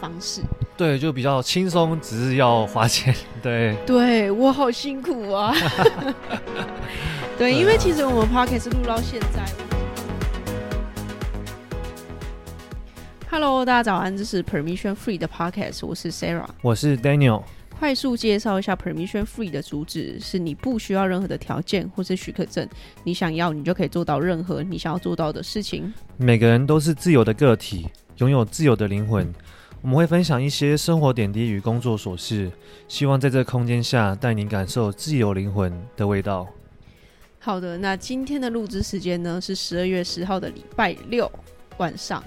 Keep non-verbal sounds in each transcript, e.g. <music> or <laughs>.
方式對，就比較輕鬆，只是要花錢。對，對我好辛苦啊！ <laughs> <laughs> 對，因為其實我們 podcast 錄到現在，對啊，Hello，大家早安，這是 Permission Free 的 podcast，我是 Sarah，我是 Daniel。快速介紹一下 Permission Free 的主旨：是你不需要任何的條件或是許可證，你想要，你就可以做到任何你想要做到的事情。每個人都是自由的個體，擁有自由的靈魂。我們會分享一些生活點滴與工作瑣事，希望在這個空間下，帶您感受自由靈魂的味道。好的，那今天的錄制時間呢？是十二月十號的禮拜六晚上。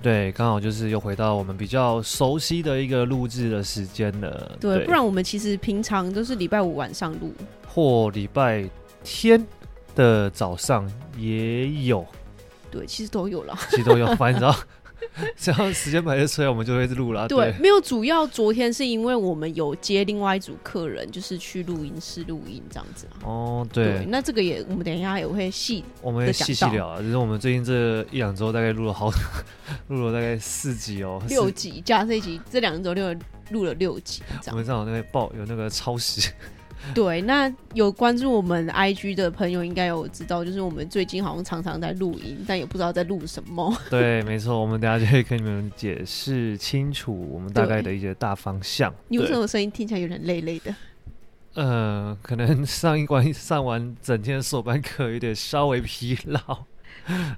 對，剛好就是又回到我們比較熟悉的一個錄制的時間了。對，對不然我們其實平常都是禮拜五晚上錄，或禮拜天的早上也有。對，其實都有了，其實都有反正。只要 <laughs> 時間排得出來我們就會錄了。 <laughs> 對，沒有主要，昨天是因為我們有接另外一組客人，就是去錄音室錄音這樣子，啊。哦，對，對。那這個也，我們等一下也會細，我們會細細聊，啊。就到是我們最近這一兩周，大概錄了好多，錄了大概四集哦，六集是加這一集，這兩周六錄了六集。 <laughs> 我們正好那邊報有那個超時。對，那有關注我們 IG 的朋友應該有知道，就是我們最近好像常常在錄音，但也不知道在錄什麼。對，沒錯，我們等下就可以跟你們解釋清楚我們大概的一些大方向。對對你為什麼聲音聽起來有點累累的？呃，可能上一關上完整天的手班課，有點稍微疲勞。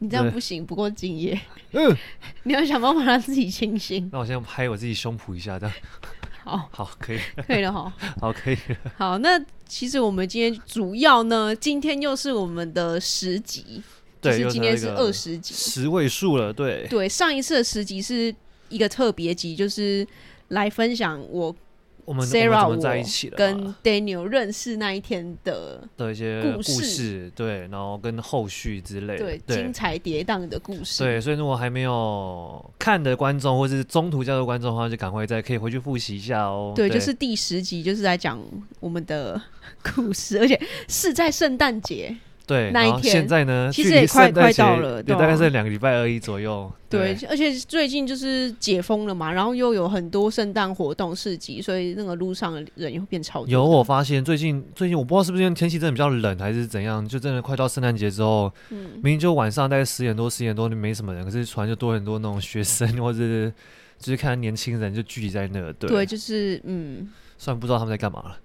你這樣不行，不夠敬業。嗯對。 <laughs> 你要想辦法讓自己清醒。那我先拍我自己胸脯一下的。這樣好好可以，可以了哈。可以了好，可以。好，那其實我們今天主要呢，今天又是我們的十集，對，是今天是二十集，十位數了。對對，上一次的十集是一個特別集，就是來分享我。我們 Sarah 我們在一起了，跟 Daniel 認識那一天的的一些故事，對，然後跟後續之類的，對，對精彩跌宕的故事，對。所以如果還沒有看的觀眾，或是中途加入觀眾的話，就趕快再可以回去複習一下哦、喔。對，對就是第十集，就是在講我們的故事，而且是在聖誕節。 <laughs> 對，那一天然後現在呢，其實也快快到了，對啊。對，大概是兩個禮拜而已左右。對，對，而且最近就是解封了嘛，然後又有很多聖誕活動市集，所以那個路上的人又變超多。有我發現，最近最近我不知道是不是因為天氣真的比較冷還是怎樣，就真的快到聖誕節之後，嗯，明明就晚上大概十點多、十點多就沒什麼人，可是船就多很多那種學生，嗯、或者是就是看年輕人就聚集在那，對，對就是嗯，雖然不知道他們在幹嘛了。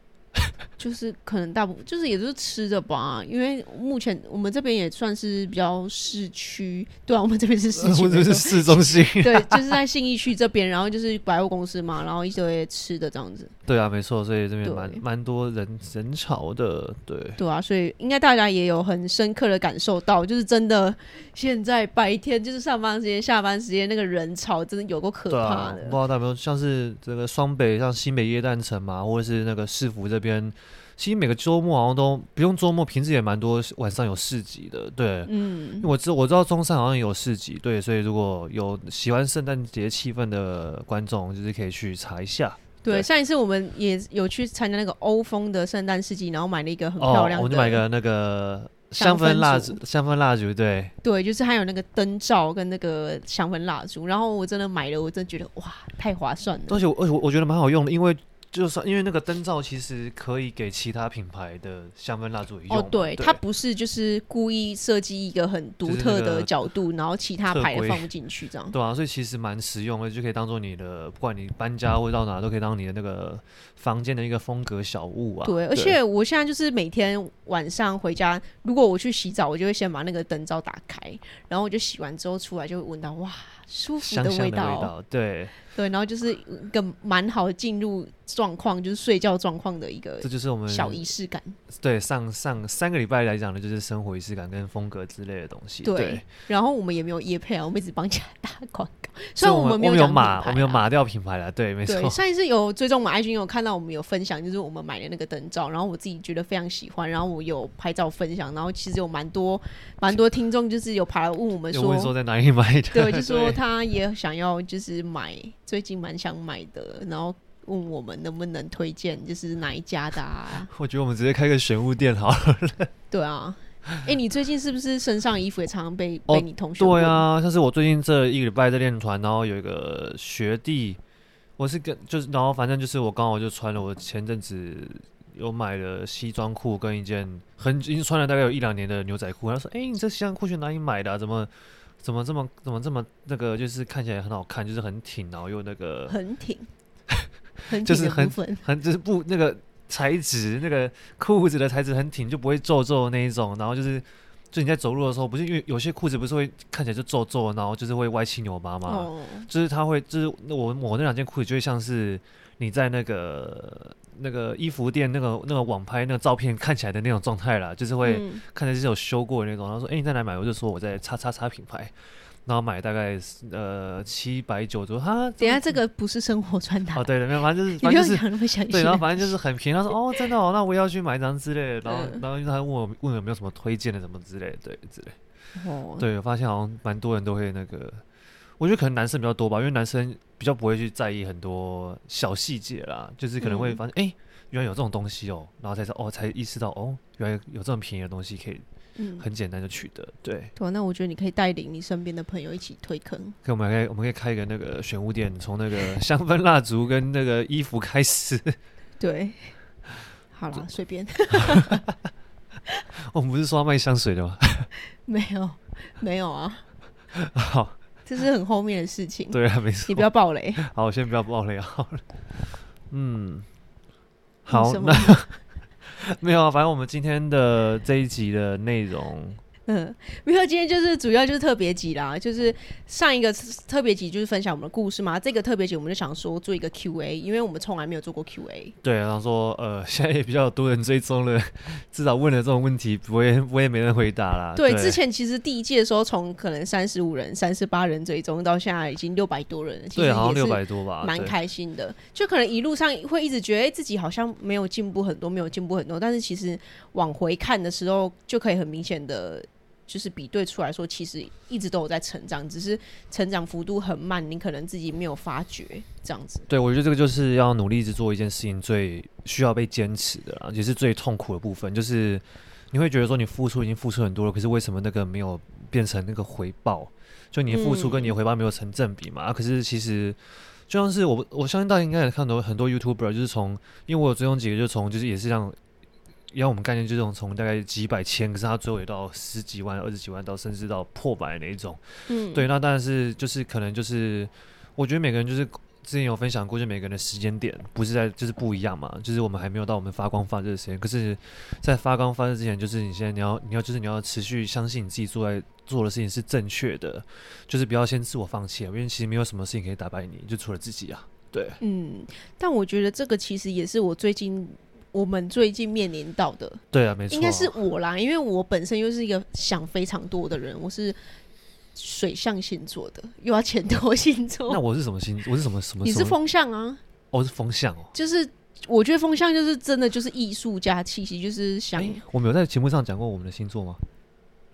就是可能大部分就是也就是吃的吧，因為目前我們這邊也算是比較市區，對啊，我們這邊是市區，我就是市中心，對， <laughs> 就是在信義區這邊，然後就是百貨公司嘛，然後一堆吃的這樣子。對啊，沒錯，所以這邊蠻蠻多人人潮的，對。對啊，所以應該大家也有很深刻的感受到，就是真的現在白天就是上班時間、下班時間那個人潮真的有夠可怕的。啊、不知道大沒像是這個雙北，像新北耶誕城嘛，或者是那個市府這邊，其實每個周末好像都不用周末，平時也蠻多晚上有市集的，對。嗯。我知道我知道中山好像也有市集，對，所以如果有喜歡聖誕節氣氛的觀眾，就是可以去查一下。對，上一次我們也有去參加那個歐風的聖誕市集，然後買了一個很漂亮的、哦。我就買個那個香氛蠟燭，香氛蠟燭對。對，就是還有那個燈罩跟那個香氛蠟燭，然後我真的買了，我真覺得哇，太划算了。而且而且我覺得蠻好用的，因為。就是因為那個燈罩其實可以給其他品牌的香氛蠟燭用哦，對，對它不是就是故意設計一個很獨特的角度，那個、然後其他牌也放不進去這樣。對啊，所以其實蠻實用的，就可以當做你的，不管你搬家或者到哪，嗯、都可以當你的那個房間的一個風格小物啊。對，對而且我現在就是每天晚上回家，如果我去洗澡，我就會先把那個燈罩打開，然後我就洗完之後出來就會聞到哇。舒服的味道，香香味道對對，然後就是一個蠻好進入狀況，就是睡覺狀況的一個，這就是我們小儀式感。對，上上三個禮拜來講呢，就是生活儀式感跟風格之類的東西。對，對然後我們也沒有業配啊，我們一直幫家打廣告， <laughs> 所以我們沒有碼，我們有碼掉品牌的，對，對沒錯。上一次有追蹤我們愛軍，有看到我們有分享，就是我們買的那個燈罩，然後我自己覺得非常喜歡，然後我有拍照分享，然後其實有蠻多蠻多聽眾，就是有跑來問我們說，有問說在哪裡買的，對，就說。他也想要，就是買，最近蠻想買的，然後問我們能不能推薦，就是哪一家的、啊。 <laughs> 我覺得我們直接開個選物店好了。 <laughs> 對啊，哎、欸，你最近是不是身上衣服也常常被、哦、被你同學？對啊，但是我最近這一個禮拜在練團，然後有一個學弟，我是跟就是，然後反正就是我剛好就穿了我前陣子有買的西裝褲跟一件很已經穿了大概有一兩年的牛仔褲，他說：“哎、欸，你這西裝褲去哪裡買的、啊？怎麼？”怎麼這麼怎麼這麼那個就是看起來很好看，就是很挺，然後又那個很挺， <laughs> 就是很很，很就是不那個材質那個褲子的材質很挺，就不會皺皺的那一種。然後就是就你在走路的時候，不是因為有些褲子不是會看起來就皺皺，然後就是會歪七扭八嘛，嘛、哦就它，就是他會就是我我那兩件褲子，就會像是你在那個。那個衣服店那個那個網拍那個照片看起來的那種狀態啦，就是會看着是有修過的那種。然後、嗯、說：“哎、欸，你在哪買？”我就說：“我在叉叉叉品牌。”然後買大概是呃七百九十多。他、這個、等下這個不是生活穿搭哦，對沒有，反正就是反正就是，對，然後反正就是很便宜。他說：“ <laughs> 哦，真的哦，那我也要去買一張之類的。然”然後然後他就問我問有沒有什麼推薦的什麼之類的，對之類。哦、對，我發現好像蠻多人都會那個。我覺得可能男生比較多吧，因為男生比較不會去在意很多小細節啦，就是可能會發現哎、嗯欸，原來有這種東西哦、喔，然後才說哦、喔，才意識到哦、喔，原來有這麼便宜的東西可以，嗯，很簡單就取得，對，嗯、對、啊。那我覺得你可以帶領你身邊的朋友一起推坑，可以，可以，我們可以我們可以開一個那個選物店，從、嗯、那個香氛蠟燭跟那個衣服開始，對，好了，隨就隨便。 <laughs> <laughs> 我們不是說要賣香水的嗎？ <laughs> 沒有，沒有啊。好。這是很後面的事情，對啊，沒事，你不要暴雷。 <laughs> 好，我先不要暴雷好了。 <laughs> 嗯，好，嗯、那 <laughs> 沒有啊，反正我們今天的這一集的內容。嗯，因 <laughs> 今天就是主要就是特別集啦，就是上一個特別集就是分享我們的故事嘛。這個特別集我們就想說做一個 Q&A，因為我們從來沒有做過 Q&A。對，然後說呃，現在也比較多人追蹤了，至少問了這種問題，我也我也沒人回答啦。對，對之前其實第一季的時候，從可能三十五人、三十八人追蹤，到現在已經六百多人了，好像六百多吧，蠻開心的。就可能一路上會一直覺得自己好像沒有進步很多，沒有進步很多，但是其實往回看的時候，就可以很明顯的。就是比對出來說，其實一直都有在成長，只是成長幅度很慢，你可能自己沒有發覺這樣子。對，我覺得這個就是要努力一直做一件事情，最需要被堅持的，也是最痛苦的部分，就是你會覺得說你付出已經付出很多了，可是為什麼那個沒有變成那個回報？就你的付出跟你的回報沒有成正比嘛？嗯。可是其實就像是我，我相信大家應該也看到很多 YouTuber，就是從，因為我有追蹤幾個，就從就是也是這樣。然後我們概念就是從大概幾百千，可是它最後也到十幾萬、二十幾萬，到甚至到破百那一種。嗯，對，那當然是就是可能就是，我覺得每個人就是之前有分享過，就每個人的時間點不是在就是不一樣嘛，就是我們還沒有到我們發光發熱的時間，可是，在發光發熱之前，就是你現在你要你要就是你要持續相信你自己做在做的事情是正確的，就是不要先自我放棄，因為其實沒有什麼事情可以打敗你，就除了自己啊。對，嗯，但我覺得這個其實也是我最近。我們最近面臨到的，對啊，沒錯，啊，應該是我啦，因為我本身又是一個想非常多的人，我是水象星座的，又要錢多星座， <laughs> 那我是什麼星？我是什麼什麼？你是風象啊？哦，是風象哦。就是我覺得風象就是真的就是藝術家氣息，就是想，欸。我沒有在節目上講過我們的星座嗎？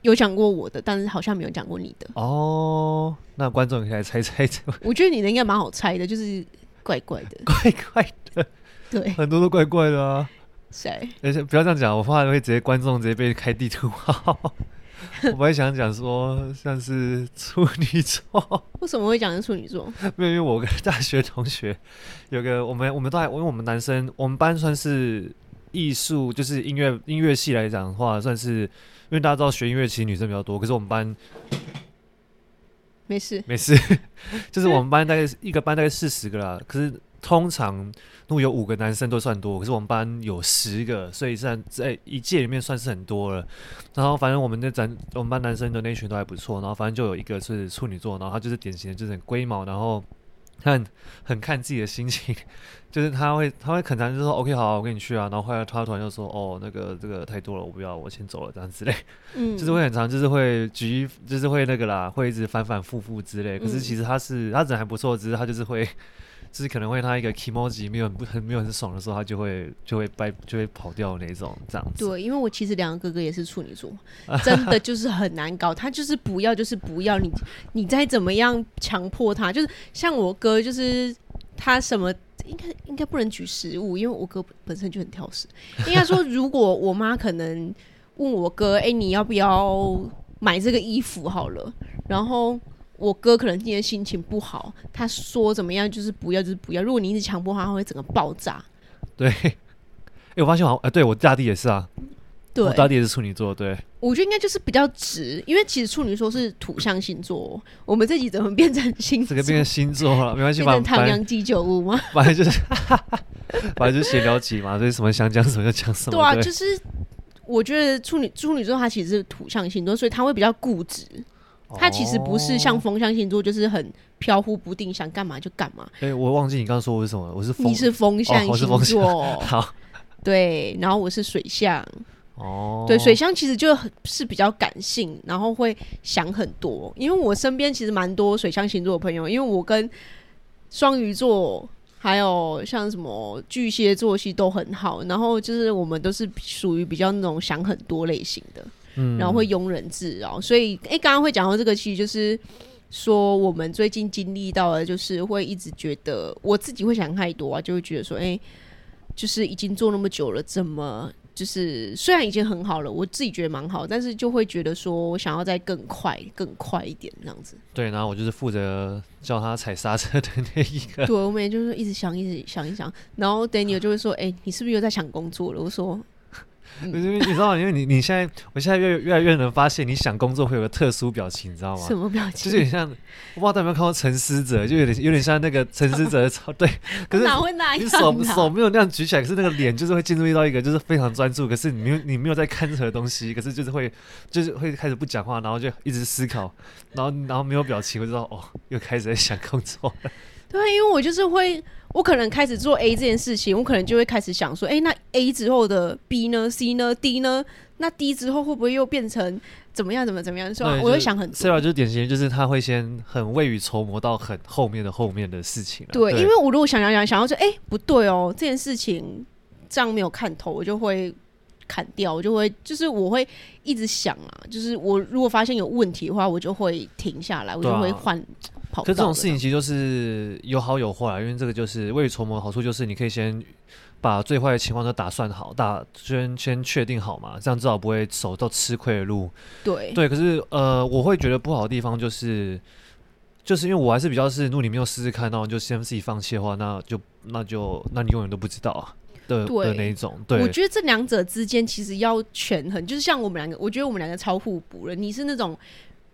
有講過我的，但是好像沒有講過你的。哦，那觀眾可以來猜猜猜。我覺得你的應該蠻好猜的，就是怪怪的，怪 <laughs> 乖怪的。 <laughs> 對，很多都怪怪的啊。誰、啊？而且、欸、不要這樣講，我怕會直接觀眾直接被開地圖炮。哈哈我還想講說， <laughs> 像是處女座。為什麼會講是處女座？因為，因為我跟大學同學有個我們，我們都還因為我們男生，我們班算是藝術，就是音樂音樂系來講的話，算是因為大家知道學音樂其實女生比較多，可是我們班沒事沒事，沒事 <laughs> 就是我們班大概 <laughs> 一個班大概四十個啦。可是。通常如果有五個男生都算多，可是我們班有十個，所以算在、欸、一屆裡面算是很多了。然後反正我們的咱我們班男生的那群都還不錯。然後反正就有一個是處女座，然後他就是典型的就是很龜毛，然後他很很看自己的心情，就是他會他會很常就說 OK 好、啊，我跟你去啊。然後後來他突然就說哦、oh, 那個這個太多了，我不要，我先走了這樣之類。嗯就，就是會很常，就是會舉，就是會那個啦，會一直反反复覆之類。可是其實他是他人還不錯，只是他就是會。就是可能會他一個 kimochi 沒有很不很沒有很爽的時候，他就會就會掰就會跑掉那種這樣子。對，因為我其實兩個哥哥也是處女座，真的就是很難搞， <laughs> 他就是不要，就是不要，你你再怎麼樣強迫他，就是像我哥，就是他什麼應該應該不能舉食物，因為我哥本身就很挑食。應該說，如果我媽可能問我哥，誒、 <laughs> 欸，你要不要買這個衣服好了，然後。我哥可能今天心情不好，他說怎麼樣就是不要就是不要。如果你一直強迫他，他會整個爆炸。對，哎、欸，我發現我好像哎、欸，對我大弟也是啊。對我大弟也是處女座，對。我覺得應該就是比較直，因為其實處女座是土象星座。我們這集怎麼變成星，怎麼 <laughs> 變成星座了？沒關係變成唐陽、雞酒屋嗎？反正就是，反正就是閒聊集嘛，所以什麼想講什麼就講什麼。對啊，對就是我覺得處女處女座，它其實是土象星座，所以他會比較固執。它其實不是像風象星座，哦、就是很飄忽不定，想幹嘛就幹嘛。哎、欸，我忘記你剛剛說我是什麼，我是風，你是風象星座，哦、好，對，然後我是水象，哦，對，水象其實就很，是比較感性，然後會想很多。因為我身邊其實蠻多水象星座的朋友，因為我跟雙魚座還有像什麼巨蟹座係都很好，然後就是我們都是屬於比較那種想很多類型的。然後會庸人自擾，然後所以誒、欸，剛剛會講到這個，其實就是說我們最近經歷到了，就是會一直覺得我自己會想太多啊，就會覺得說，哎、欸，就是已經做那麼久了，怎麼就是雖然已經很好了，我自己覺得蠻好，但是就會覺得說我想要再更快更快一點，這樣子。對，然後我就是負責叫他踩剎車的那一個。對，我每天就是一直想，一直想一想，然後 Daniel 就會說，哎、啊欸，你是不是又在想工作了？我說。你、嗯、你知道因為你你現在，我現在越越來越能發現，你想工作會有個特殊表情，你知道嗎？什麼表情？就是你像，我不知道有沒有看過沉思者，就有點有點像那個沉思者的，對。哪會哪樣？你手手沒有那樣舉起來，可是那個臉，就是會進入到一個，就是非常專注，可是你沒有你沒有在看任何東西，可是就是會就是會開始不講話，然後就一直思考，然後然後沒有表情，我就知道哦，又開始在想工作了。對，因為我就是會。我可能開始做 A 這件事情，我可能就會開始想說，哎、欸，那 A 之後的 B 呢？C 呢？D 呢？那 D 之後會不會又變成怎麼樣？怎麼怎麼樣？所以、就是、我就會想很多。Sara 就是典型，就是他會先很未雨綢繆到很後面的後面的事情、啊。對，對因為我如果想想想，想到說，誒、欸、不對哦，這件事情這樣沒有看頭，我就會砍掉，我就會就是我會一直想啊，就是我如果發現有問題的話，我就會停下來，啊、我就會換。可這種事情其實就是有好有壞，嗯、因為這個就是未雨綢繆的好處，就是你可以先把最壞的情況都打算好，打先先確定好嘛，這樣至少不會走到吃虧的路。對對，可是呃，我會覺得不好的地方就是，就是因為我還是比較是如果你沒有試試看，然後你就先自己放棄的話，那就那就那你永遠都不知道啊。的對的那一種，對我覺得這兩者之間其實要權衡，就是像我們兩個，我覺得我們兩個超互補了，你是那種。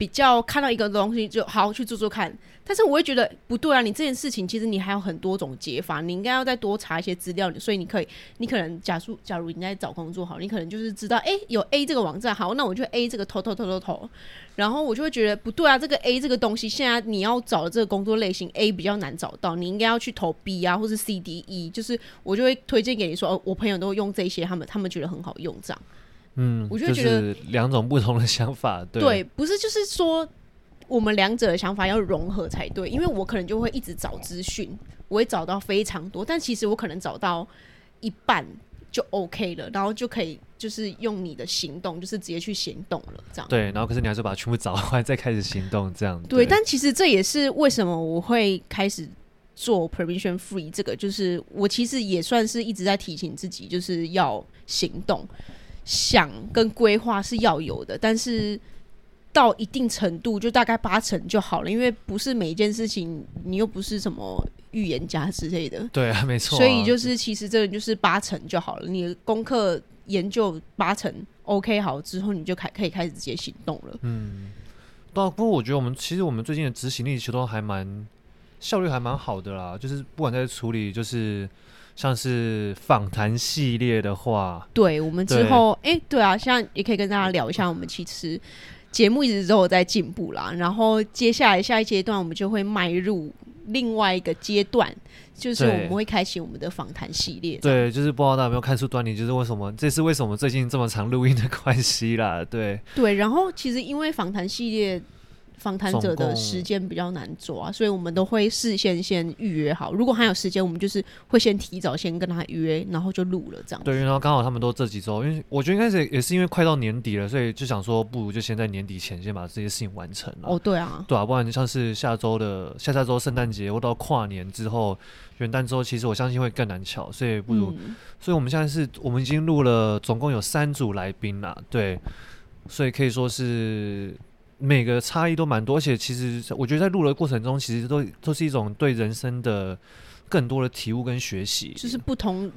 比較看到一個東西就好，去做做看，但是我會覺得不對啊！你這件事情其實你還有很多種解法，你應該要再多查一些資料。所以你可以，你可能假如假如你在找工作，好，你可能就是知道，誒、欸，有 A 這個網站，好，那我就 A 這個投投投投投。然後我就會覺得不對啊，這個 A 這個東西，現在你要找的這個工作類型 A 比較難找到，你應該要去投 B 啊，或是 C D E。就是我就會推薦給你說，哦，我朋友都用這些，他們他們覺得很好用這樣。嗯，我就覺得，就是兩種不同的想法，對，對，不是就是說我們兩者的想法要融合才對，因為我可能就會一直找資訊，我會找到非常多，但其實我可能找到一半就 OK 了，然後就可以就是用你的行動，就是直接去行動了，這樣。對，然後可是你還是把它全部找回來再開始行動，這樣。對，對，但其實這也是為什麼我會開始做 Permission Free 這個，就是我其實也算是一直在提醒自己，就是要行動。想跟規劃是要有的，但是到一定程度就大概八成就好了，因為不是每一件事情，你又不是什麼預言家之類的。對啊，沒錯啊。所以就是其實這個就是八成就好了，你的功課研究八成 OK 好之後，你就開可以開始直接行動了。嗯，對啊，不過我覺得我們其實我們最近的執行力其實都還蠻效率還蠻好的啦，就是不管在處理就是。像是訪談系列的話，對我們之後，哎對、欸，對啊，像也可以跟大家聊一下，我們其實節目一直都有在進步啦。然後接下來下一階段，我們就會邁入另外一個階段，就是我們會開啟我們的訪談系列。對，就是不知道大家有沒有看出端倪，就是為什麼這是為什麼最近這麼常錄音的關係啦？對對，然後其實因為訪談系列。訪談者的時間比較難做啊，總共 所以我們都會事先先預約好。如果還有時間，我們就是會先提早先跟他預約，然後就錄了這樣。對，然後剛好他們都這幾週，因為我覺得應該是也是因為快到年底了，所以就想說，不如就先在年底前先把這些事情完成了。哦，對啊，對啊，不然像是下週的下下週聖誕節，或者跨年之後、元旦之後，其實我相信會更難喬。所以不如，嗯、所以我們現在是我們已經錄了，總共有三組來賓了，對，所以可以說是。每個差異都蠻多，而且其實我覺得在錄的過程中，其實都都是一種對人生的更多的體悟跟學習，就是不同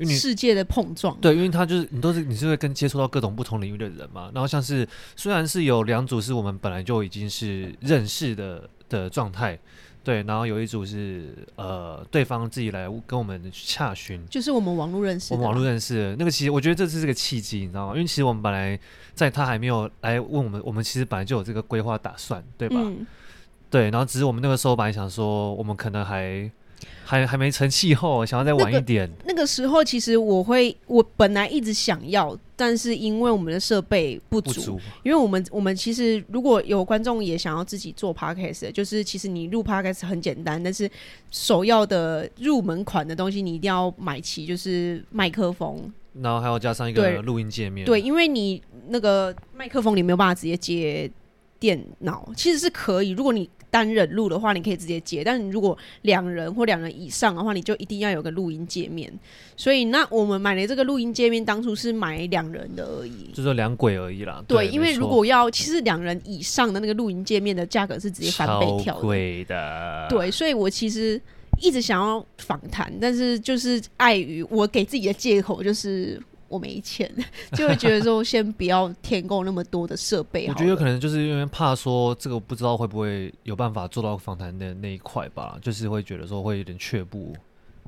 世界的碰撞。因為，碰撞，對，因為它就是你都是你是會跟接觸到各種不同領域的人嘛，然後像是雖然是有兩組是我們本來就已經是認識的的狀態。對，然後有一組是呃，對方自己來跟我們去洽詢，就是我們網絡認識的，我們網絡認識那個。其實我覺得這是個契機，你知道嗎？因為其實我們本來在他還沒有來問我們，我們其實本來就有這個規劃打算，對吧？嗯、對，然後只是我們那個時候本來想說，我們可能還。還還沒成氣候，想要再晚一點。那個、那個時候，其實我會，我本來一直想要，但是因為我們的設備不足，不足，因為我們我們其實如果有觀眾也想要自己做 podcast，就是其實你錄 podcast 很簡單，但是首要的入門款的東西你一定要買齊，就是麥克風，然後還要加上一個錄音界面，對。對，因為你那個麥克風你沒有辦法直接接電腦，其實是可以，如果你。單人錄的話，你可以直接接；但你如果兩人或兩人以上的話，你就一定要有個錄音界面。所以，那我們買的這個錄音界面，當初是買兩人的而已，就說兩軌而已啦。對，對，因為如果要沒錯其實兩人以上的那個錄音界面的價格是直接翻倍跳的。的對，所以我其實一直想要訪談，但是就是礙於我給自己的借口就是。我沒錢，就會覺得說先不要添購那麼多的設備。 <laughs> 我覺得可能就是因為怕說這個不知道會不會有辦法做到訪談的那一塊吧，就是會覺得說會有點卻步。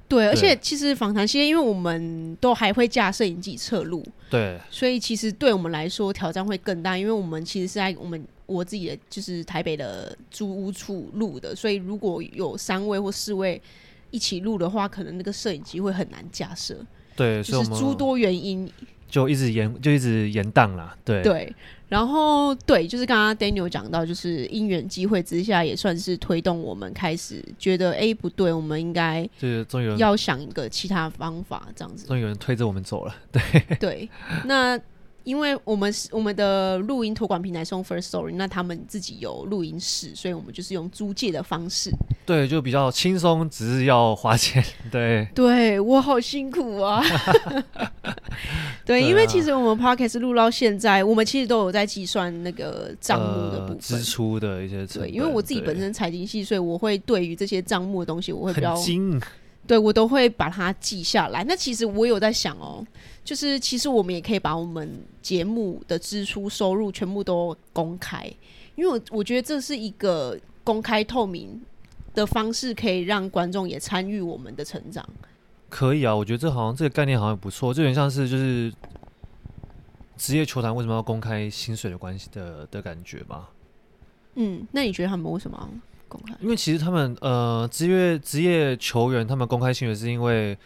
對，對而且其實訪談期間因為我們都還會架攝影機側錄，對，所以其實對我們來說挑戰會更大，因為我們其實是在我們我自己的就是台北的租屋處錄的，所以如果有三位或四位一起錄的話，可能那個攝影機會很難架設。對，就是諸多原因，就一直延，就一直延宕啦。對，對，然後對，就是剛剛 Daniel 講到，就是因緣機會之下，也算是推動我們開始覺得哎不對，我們應該就是終於要想一個其他方法，這樣子，終於有人推着我們走了。對，對，那。因為我們是我們的錄音托管平台是用 First Story，那他們自己有錄音室，所以我們就是用租借的方式。對，就比較輕鬆，只是要花錢。對，對我好辛苦啊。 <laughs> <laughs> 對，對啊、因為其實我們 Podcast 錄到現在，我們其實都有在計算那個賬目的部分、呃、支出的一些。對，因為我自己本身財經系，對所以我會對於這些賬目的東西，我會比較很精。對，我都會把它記下來。那其實我有在想哦。就是，其實我們也可以把我們節目的支出、收入全部都公開，因為我我覺得這是一個公開透明的方式，可以讓觀眾也參與我們的成長。可以啊，我覺得這好像這個概念好像不錯，這有點像是就是職業球壇為什麼要公開薪水的關係的的感覺吧？嗯，那你覺得他們為什麼公開？因為其實他們呃，職業職業球員他們公開薪水是因為。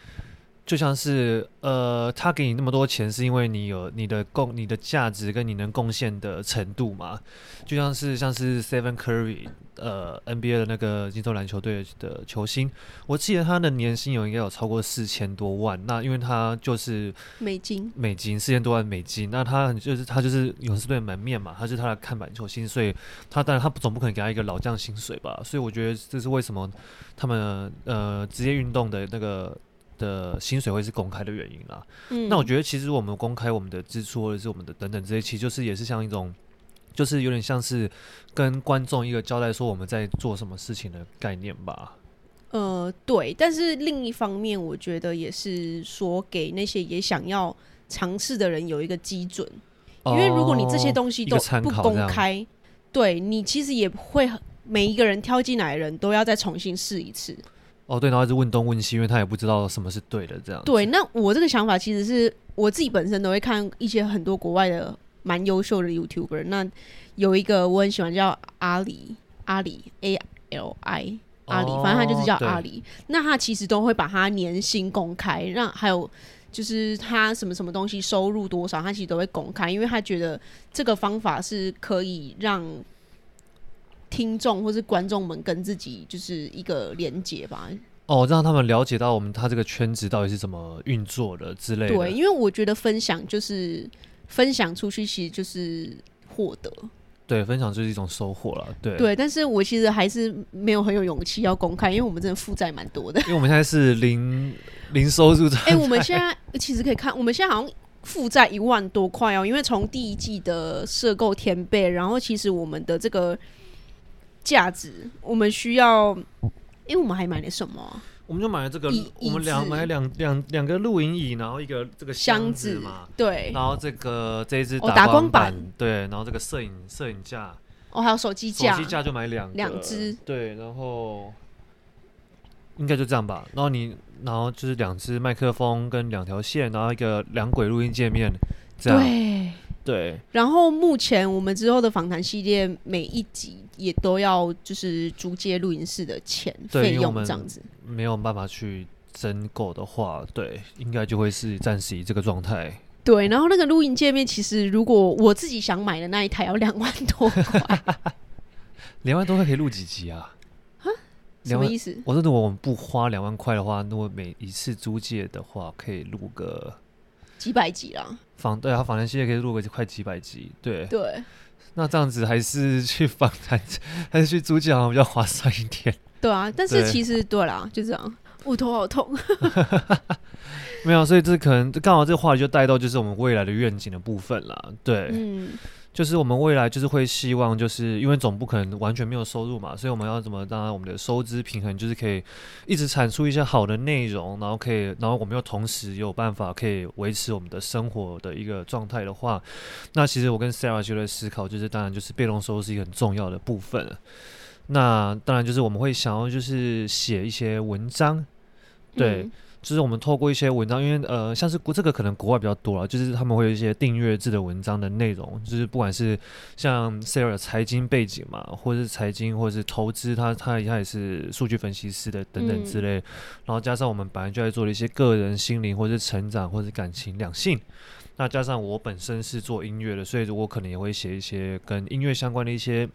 就像是呃，他給你那麼多錢，是因為你有你的貢、你的價值跟你能貢獻的程度嘛？就像是像是 Stephen Curry，呃，NBA 的那個金州籃球隊的球星，我記得他的年薪有應該有超過四千多萬。那因為他就是美金，美金四千多萬美金。那他就是他就是勇士隊門面嘛，他是他的看板球星，所以他當然他總不可能給他一個老將薪水吧。所以我覺得這是為什麼他們呃職業運動的那個。的薪水會是公開的原因啦。嗯，那我覺得其實我們公開我們的支出或者是我們的等等這些，其實就是也是像一種，就是有點像是跟觀眾一個交代，說我們在做什麼事情的概念吧。呃，對。但是另一方面，我覺得也是說給那些也想要嘗試的人有一個基準，哦，因為如果你這些東西都不公開，對你其實也會每一個人挑進來的人都要再重新試一次。哦，對，然後還是問東問西，因為他也不知道什麼是對的，這樣。對，那我這個想法其實是我自己本身都會看一些很多國外的蠻優秀的 YouTuber，那有一個我很喜歡叫阿里，阿里 A L I，阿里、哦，反正他就是叫阿里對。那他其實都會把他年薪公開，那還有就是他什麼什麼東西收入多少，他其實都會公開，因為他覺得這個方法是可以讓聽眾或是觀眾們跟自己就是一個連接吧。哦，讓他們了解到我們他這個圈子到底是怎麼運作的之類的。對，因為我覺得分享就是分享出去，其實就是獲得。對，分享就是一種收穫了。對，對，但是我其實還是沒有很有勇氣要公開，Okay. 因為我們真的負債蠻多的。因為我們現在是零零收入的。哎，我們現在 <laughs> 其實可以看，我們現在好像負債一萬多塊哦。因為從第一季的社購天貝，然後其實我們的這個。架子，我們需要，因、欸、為我們還買了什麼？我們就買了這個，我們兩買了兩兩兩個錄影椅，然後一個這個箱子嘛，對，然後這個這一隻打光板，對，然後這個攝影攝影架，哦，還有手機架，手機架就買兩兩隻，隻對，然後應該就這樣吧。然後你，然後就是兩隻麥克風跟兩條線，然後一個兩軌錄音界面，這樣對對。對，然後目前我們之後的訪談系列每一集。也都要就是租借錄音室的錢費對用這樣子，沒有辦法去增購的話，對，應該就會是暫時以這個狀態。對，然後那個錄音界面，其實如果我自己想買的那一台要兩萬多塊，兩 <laughs> 萬多塊可以錄幾集啊？哈萬什麼意思？我說，如果我們不花兩萬塊的話，那麼每一次租借的話，可以錄個幾百集啦、啊。房對啊，房間系列可以錄個快幾百集，對對。那這樣子還是去房產，還是去租借好像比較划算一點。對啊，但是對其實對啦，就這樣。我頭好痛， <laughs> <laughs> 沒有，所以這可能剛好這個話題就帶到就是我們未來的願景的部分啦。對，嗯。就是我們未來就是會希望，就是因為總不可能完全沒有收入嘛，所以我們要怎麼讓我們的收支平衡，就是可以一直產出一些好的內容，然後可以，然後我們又同時有辦法可以維持我們的生活的一個狀態的話，那其實我跟 Sara 就在思考，就是當然就是被動收入是一個很重要的部分。那當然就是我們會想要就是寫一些文章對、嗯，對。就是我們透過一些文章，因為呃，像是國這個可能國外比較多啊，就是他們會有一些訂閱制的文章的內容，就是不管是像 Sara 財經背景嘛，或者是財經，或者是投資，他他他也是數據分析師的等等之類，嗯、然後加上我們本來就在做的一些個人心靈，或者是成長，或者是感情兩性，那加上我本身是做音樂的，所以我可能也會寫一些跟音樂相關的一些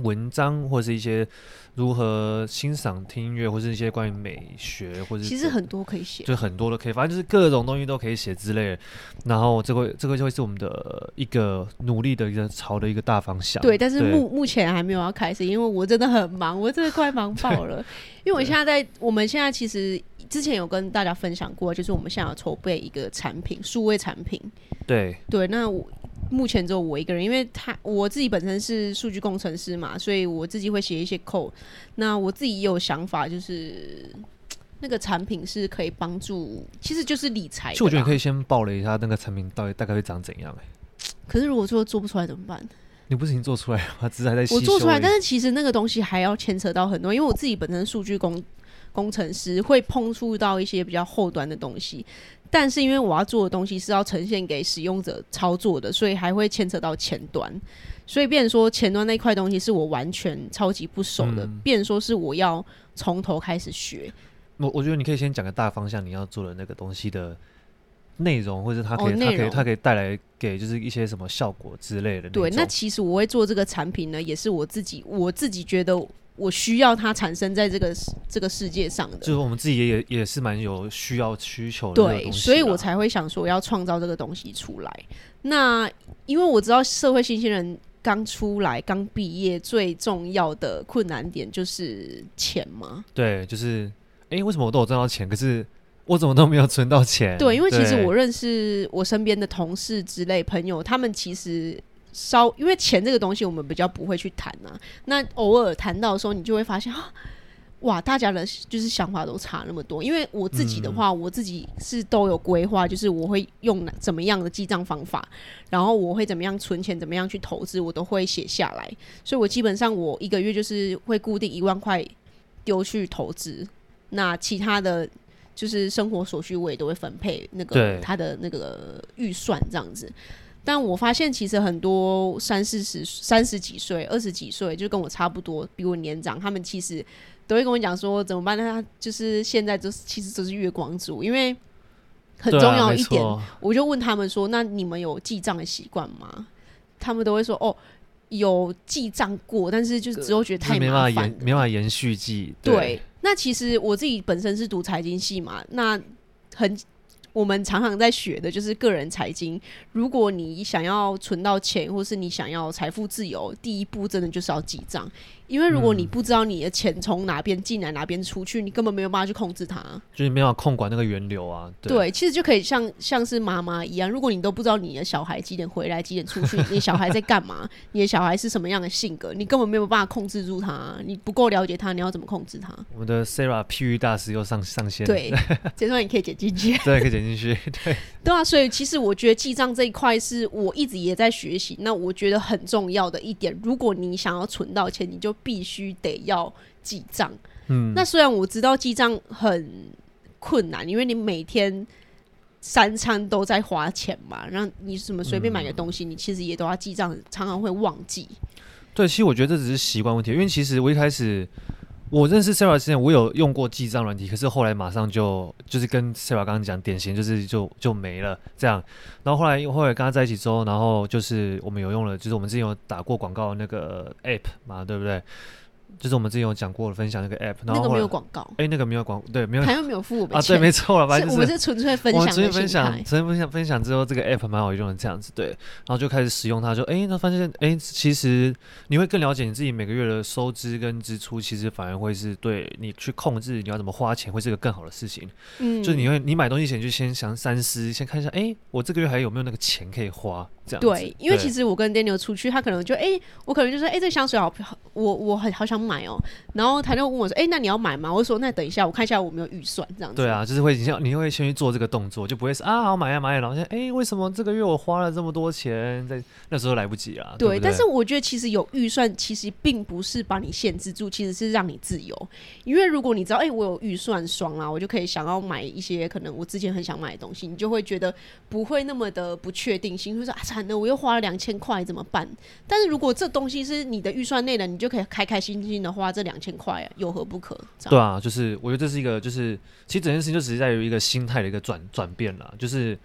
文章或者是一些如何欣賞聽音樂，或者是一些關於美學，或者其實很多可以寫，對很多都可以，反正就是各種東西都可以寫之類的。然後這個這個就會是我們的一個努力的一個朝的一個大方向。對，但是目對目前還沒有要開始，因為我真的很忙，我真的快忙爆了。 <laughs> 對因為我現在在，我們現在其實之前有跟大家分享過，就是我們現在要籌備一個產品，數位產品。對對，那我。目前只有我一個人，因為他我自己本身是數據工程師嘛，所以我自己會寫一些 code。那我自己也有想法，就是那個產品是可以幫助，其實就是理財。其實我覺得你可以先爆雷一下那個產品到底大概會長怎樣？哎、欸。可是如果說做不出來怎麼辦？你不是已經做出來了嗎？只是還在我做出來，但是其實那個東西還要牽扯到很多，因為我自己本身是數據工工程師會碰觸到一些比較後端的東西。但是因為我要做的東西是要呈現給使用者操作的，所以還會牽扯到前端，所以變說前端那塊東西是我完全超級不熟的，嗯、變說是我要從頭開始學。我我覺得你可以先講個大方向，你要做的那個東西的內容，或者它可以、哦、它可以內容、它可以帶來給就是一些什麼效果之類的。對，那其實我會做這個產品呢，也是我自己我自己覺得。我需要它產生在這個這個世界上的，就是我們自己也也是蠻有需要需求的。對，所以我才會想說我要創造這個東西出來。那因為我知道社會新鮮人剛出來剛畢業，最重要的困難點就是錢嘛。對，就是哎、欸，為什麼我都有賺到錢，可是我怎麼都沒有存到錢？對，因為其實我認識我身邊的同事之類朋友，他們其實。稍，因為錢這個東西，我們比較不會去談吶、啊。那偶爾談到的時候，你就會發現啊，哇，大家的就是想法都差那麼多。因為我自己的話，嗯、我自己是都有規劃，就是我會用怎麼樣的記賬方法，然後我會怎麼樣存錢，怎麼樣去投資，我都會寫下來。所以我基本上我一個月就是會固定一萬塊丟去投資，那其他的就是生活所需，我也都會分配那個他的那個預算這樣子。但我發現，其實很多三四十三十幾歲、二十幾歲，就跟我差不多，比我年長，他們其實都會跟我講說，怎麼辦呢？就是現在就是其實都是月光族，因為很重要一點，啊、我就問他們說，那你們有記賬的習慣嗎？他們都會說，哦，有記賬過，但是就是只有覺得太麻煩了、嗯就是、沒辦法延，沒辦法延續記。對，對，那其實我自己本身是讀財經系嘛，那很。我們常常在學的就是個人財經，如果你想要存到錢，或是你想要財富自由，第一步真的就是要記賬。因為如果你不知道你的錢從哪邊進來哪邊出去，嗯、你根本沒有辦法去控制它，就是沒有辦法控管那個源流啊。對，對其實就可以像，像是媽媽一樣，如果你都不知道你的小孩幾點回來 <laughs> 幾點出去，你小孩在幹嘛， <laughs> 你的小孩是什麼樣的性格，你根本沒有辦法控制住他，你不夠了解他，你要怎麼控制他？我們的 Sara 譬喻大師又上上線，對，這段也可以剪進去，這可以剪進去，對。對啊，所以其實我覺得記賬這一塊是我一直也在學習。那我覺得很重要的一點，如果你想要存到錢，你就必須得要記賬，嗯，那雖然我知道記賬很困難，因為你每天三餐都在花錢嘛，然後你什麼隨便買個東西，嗯嗯，你其實也都要記賬常常會忘記。對，其實我覺得這只是習慣問題，因為其實我一開始。我認識 Sara 之前，我有用過記賬軟體，可是後來馬上就就是跟 Sara 剛剛講，典型就是就就沒了這樣。然後後來後來跟她在一起之後，然後就是我們有用了，就是我們之前有打過廣告那個 App 嘛，對不對？就是我們之前有講過的分享那個 app，然後，後那個沒有廣告，哎、欸，那個沒有廣，對，沒有，還有沒有付我們錢啊，對，沒錯了，反正就是、是我們是純粹分享，純粹分享，純粹分享。分享之後，這個 app 蠻好用的，這樣子，對，然後就開始使用它，就，哎、欸，那發現，哎、欸，其實你會更了解你自己每個月的收支跟支出，其實反而會是對你去控制你要怎麼花錢，會是一個更好的事情。嗯，就是你會，你買東西前就先想三思，先看一下，哎、欸，我這個月還有沒有那個錢可以花。這樣，對，因為其實我跟 Daniel 出去，他可能就哎對、欸，我可能就說哎、欸，這個香水好，好我我很好想買哦、喔。然後他就問我說，哎、欸，那你要買嗎？我就說那等一下，我看一下我沒有預算這樣子。對啊，就是會影響你會先去做這個動作，就不會說啊，好，我買呀買呀。然後想，哎、欸，為什麼這個月我花了這麼多錢？在那時候來不及啊。對，對對，但是我覺得其實有預算，其實並不是把你限制住，其實是讓你自由。因為如果你知道哎、欸，我有預算爽啊，我就可以想要買一些可能我之前很想買的東西，你就會覺得不會那麼的不確定性，就是啊。慘了，我又花了兩千塊，怎麼辦？但是如果這東西是你的預算內的，你就可以開開心心的花這兩千塊啊，有何不可？對啊，就是我覺得這是一個，就是其實整件事情就只是在於一個心態的一個轉轉變了，就是。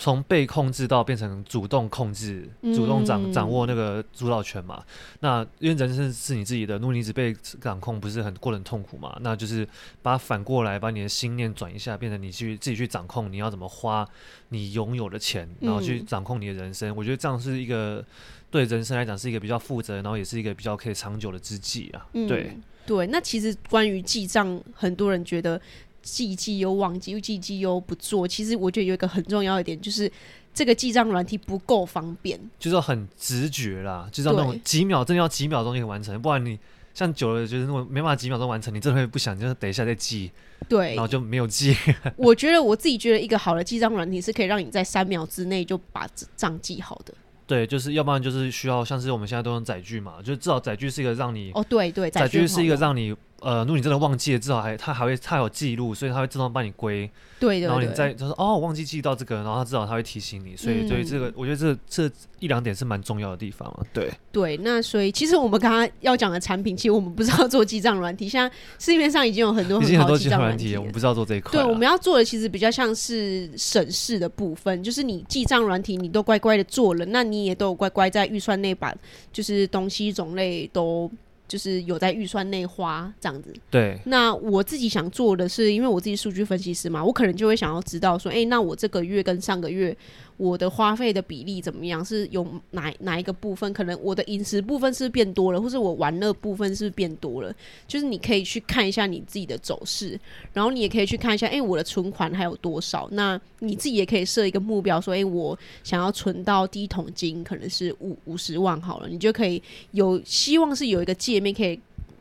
從被控制到變成主動控制，主動掌掌握那個主導權嘛。嗯、那因為人生是你自己的，如果你一直被掌控，不是很過得很痛苦嘛？那就是把它反過來，把你的心念轉一下，變成你去自己去掌控，你要怎麼花你擁有的錢，然後去掌控你的人生。嗯、我覺得這樣是一個對人生來講是一個比較負責，然後也是一個比較可以長久的之計啊。對、嗯、對，那其實關於記賬，很多人覺得。記記又忘記又記記又不做，其實我覺得有一個很重要的點，就是這個記賬軟體不夠方便，就是很直覺啦，就是那種幾秒，對真的要幾秒鐘可以就完成，不然你像久了就是那種沒辦法幾秒鐘完成，你真的會不想，就是等一下再記，對，然後就沒有記。我覺得我自己覺得一個好的記賬軟體是可以讓你在三秒之內就把賬記好的。對，就是要不然就是需要，像是我們現在都用載具嘛，就至少載具是一個讓你，哦對對，載具是一個讓你。呃，如果你真的忘記了，至少還他還會它還有記錄，所以他會自動幫你歸。對,對，然後你再就是哦，忘記記到這個，然後它至少他會提醒你。所以，對於這個，嗯、我覺得這這一兩點是蠻重要的地方嘛、啊。對，對，那所以其實我們剛剛要講的產品，其實我們不是要做記賬軟體， <laughs> 現在市面上已經有很多很多記賬軟體，我們不是要做這一塊。對，我們要做的其實比較像是省事的部分，就是你記賬軟體你都乖乖的做了，那你也都有乖乖在預算內把，就是東西種類都。就是有在預算內花這樣子，對。那我自己想做的是，因為我自己數據分析師嘛，我可能就會想要知道說，欸，那我這個月跟上個月。我的花費的比例怎麼樣？是有哪哪一個部分？可能我的飲食部分是，是變多了，或是我玩樂部分是，是變多了。就是你可以去看一下你自己的走勢，然後你也可以去看一下，哎、欸，我的存款還有多少？那你自己也可以設一個目標，說，哎、欸，我想要存到第一桶金，可能是五五十萬好了，你就可以有希望是有一個界面可以，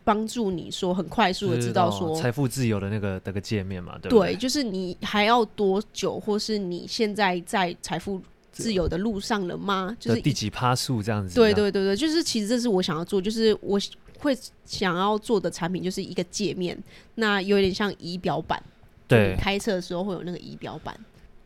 幫助你說很快速的知道說財、就是哦、富自由的那個那個界面嘛，對，不對，對，就是你還要多久，或是你現在在財富自由的路上了嗎？就是第幾趴數這樣子這樣？對對對對，就是其實這是我想要做，就是我會想要做的產品就是一個界面，那有點像儀表板，對，開車的時候會有那個儀表板。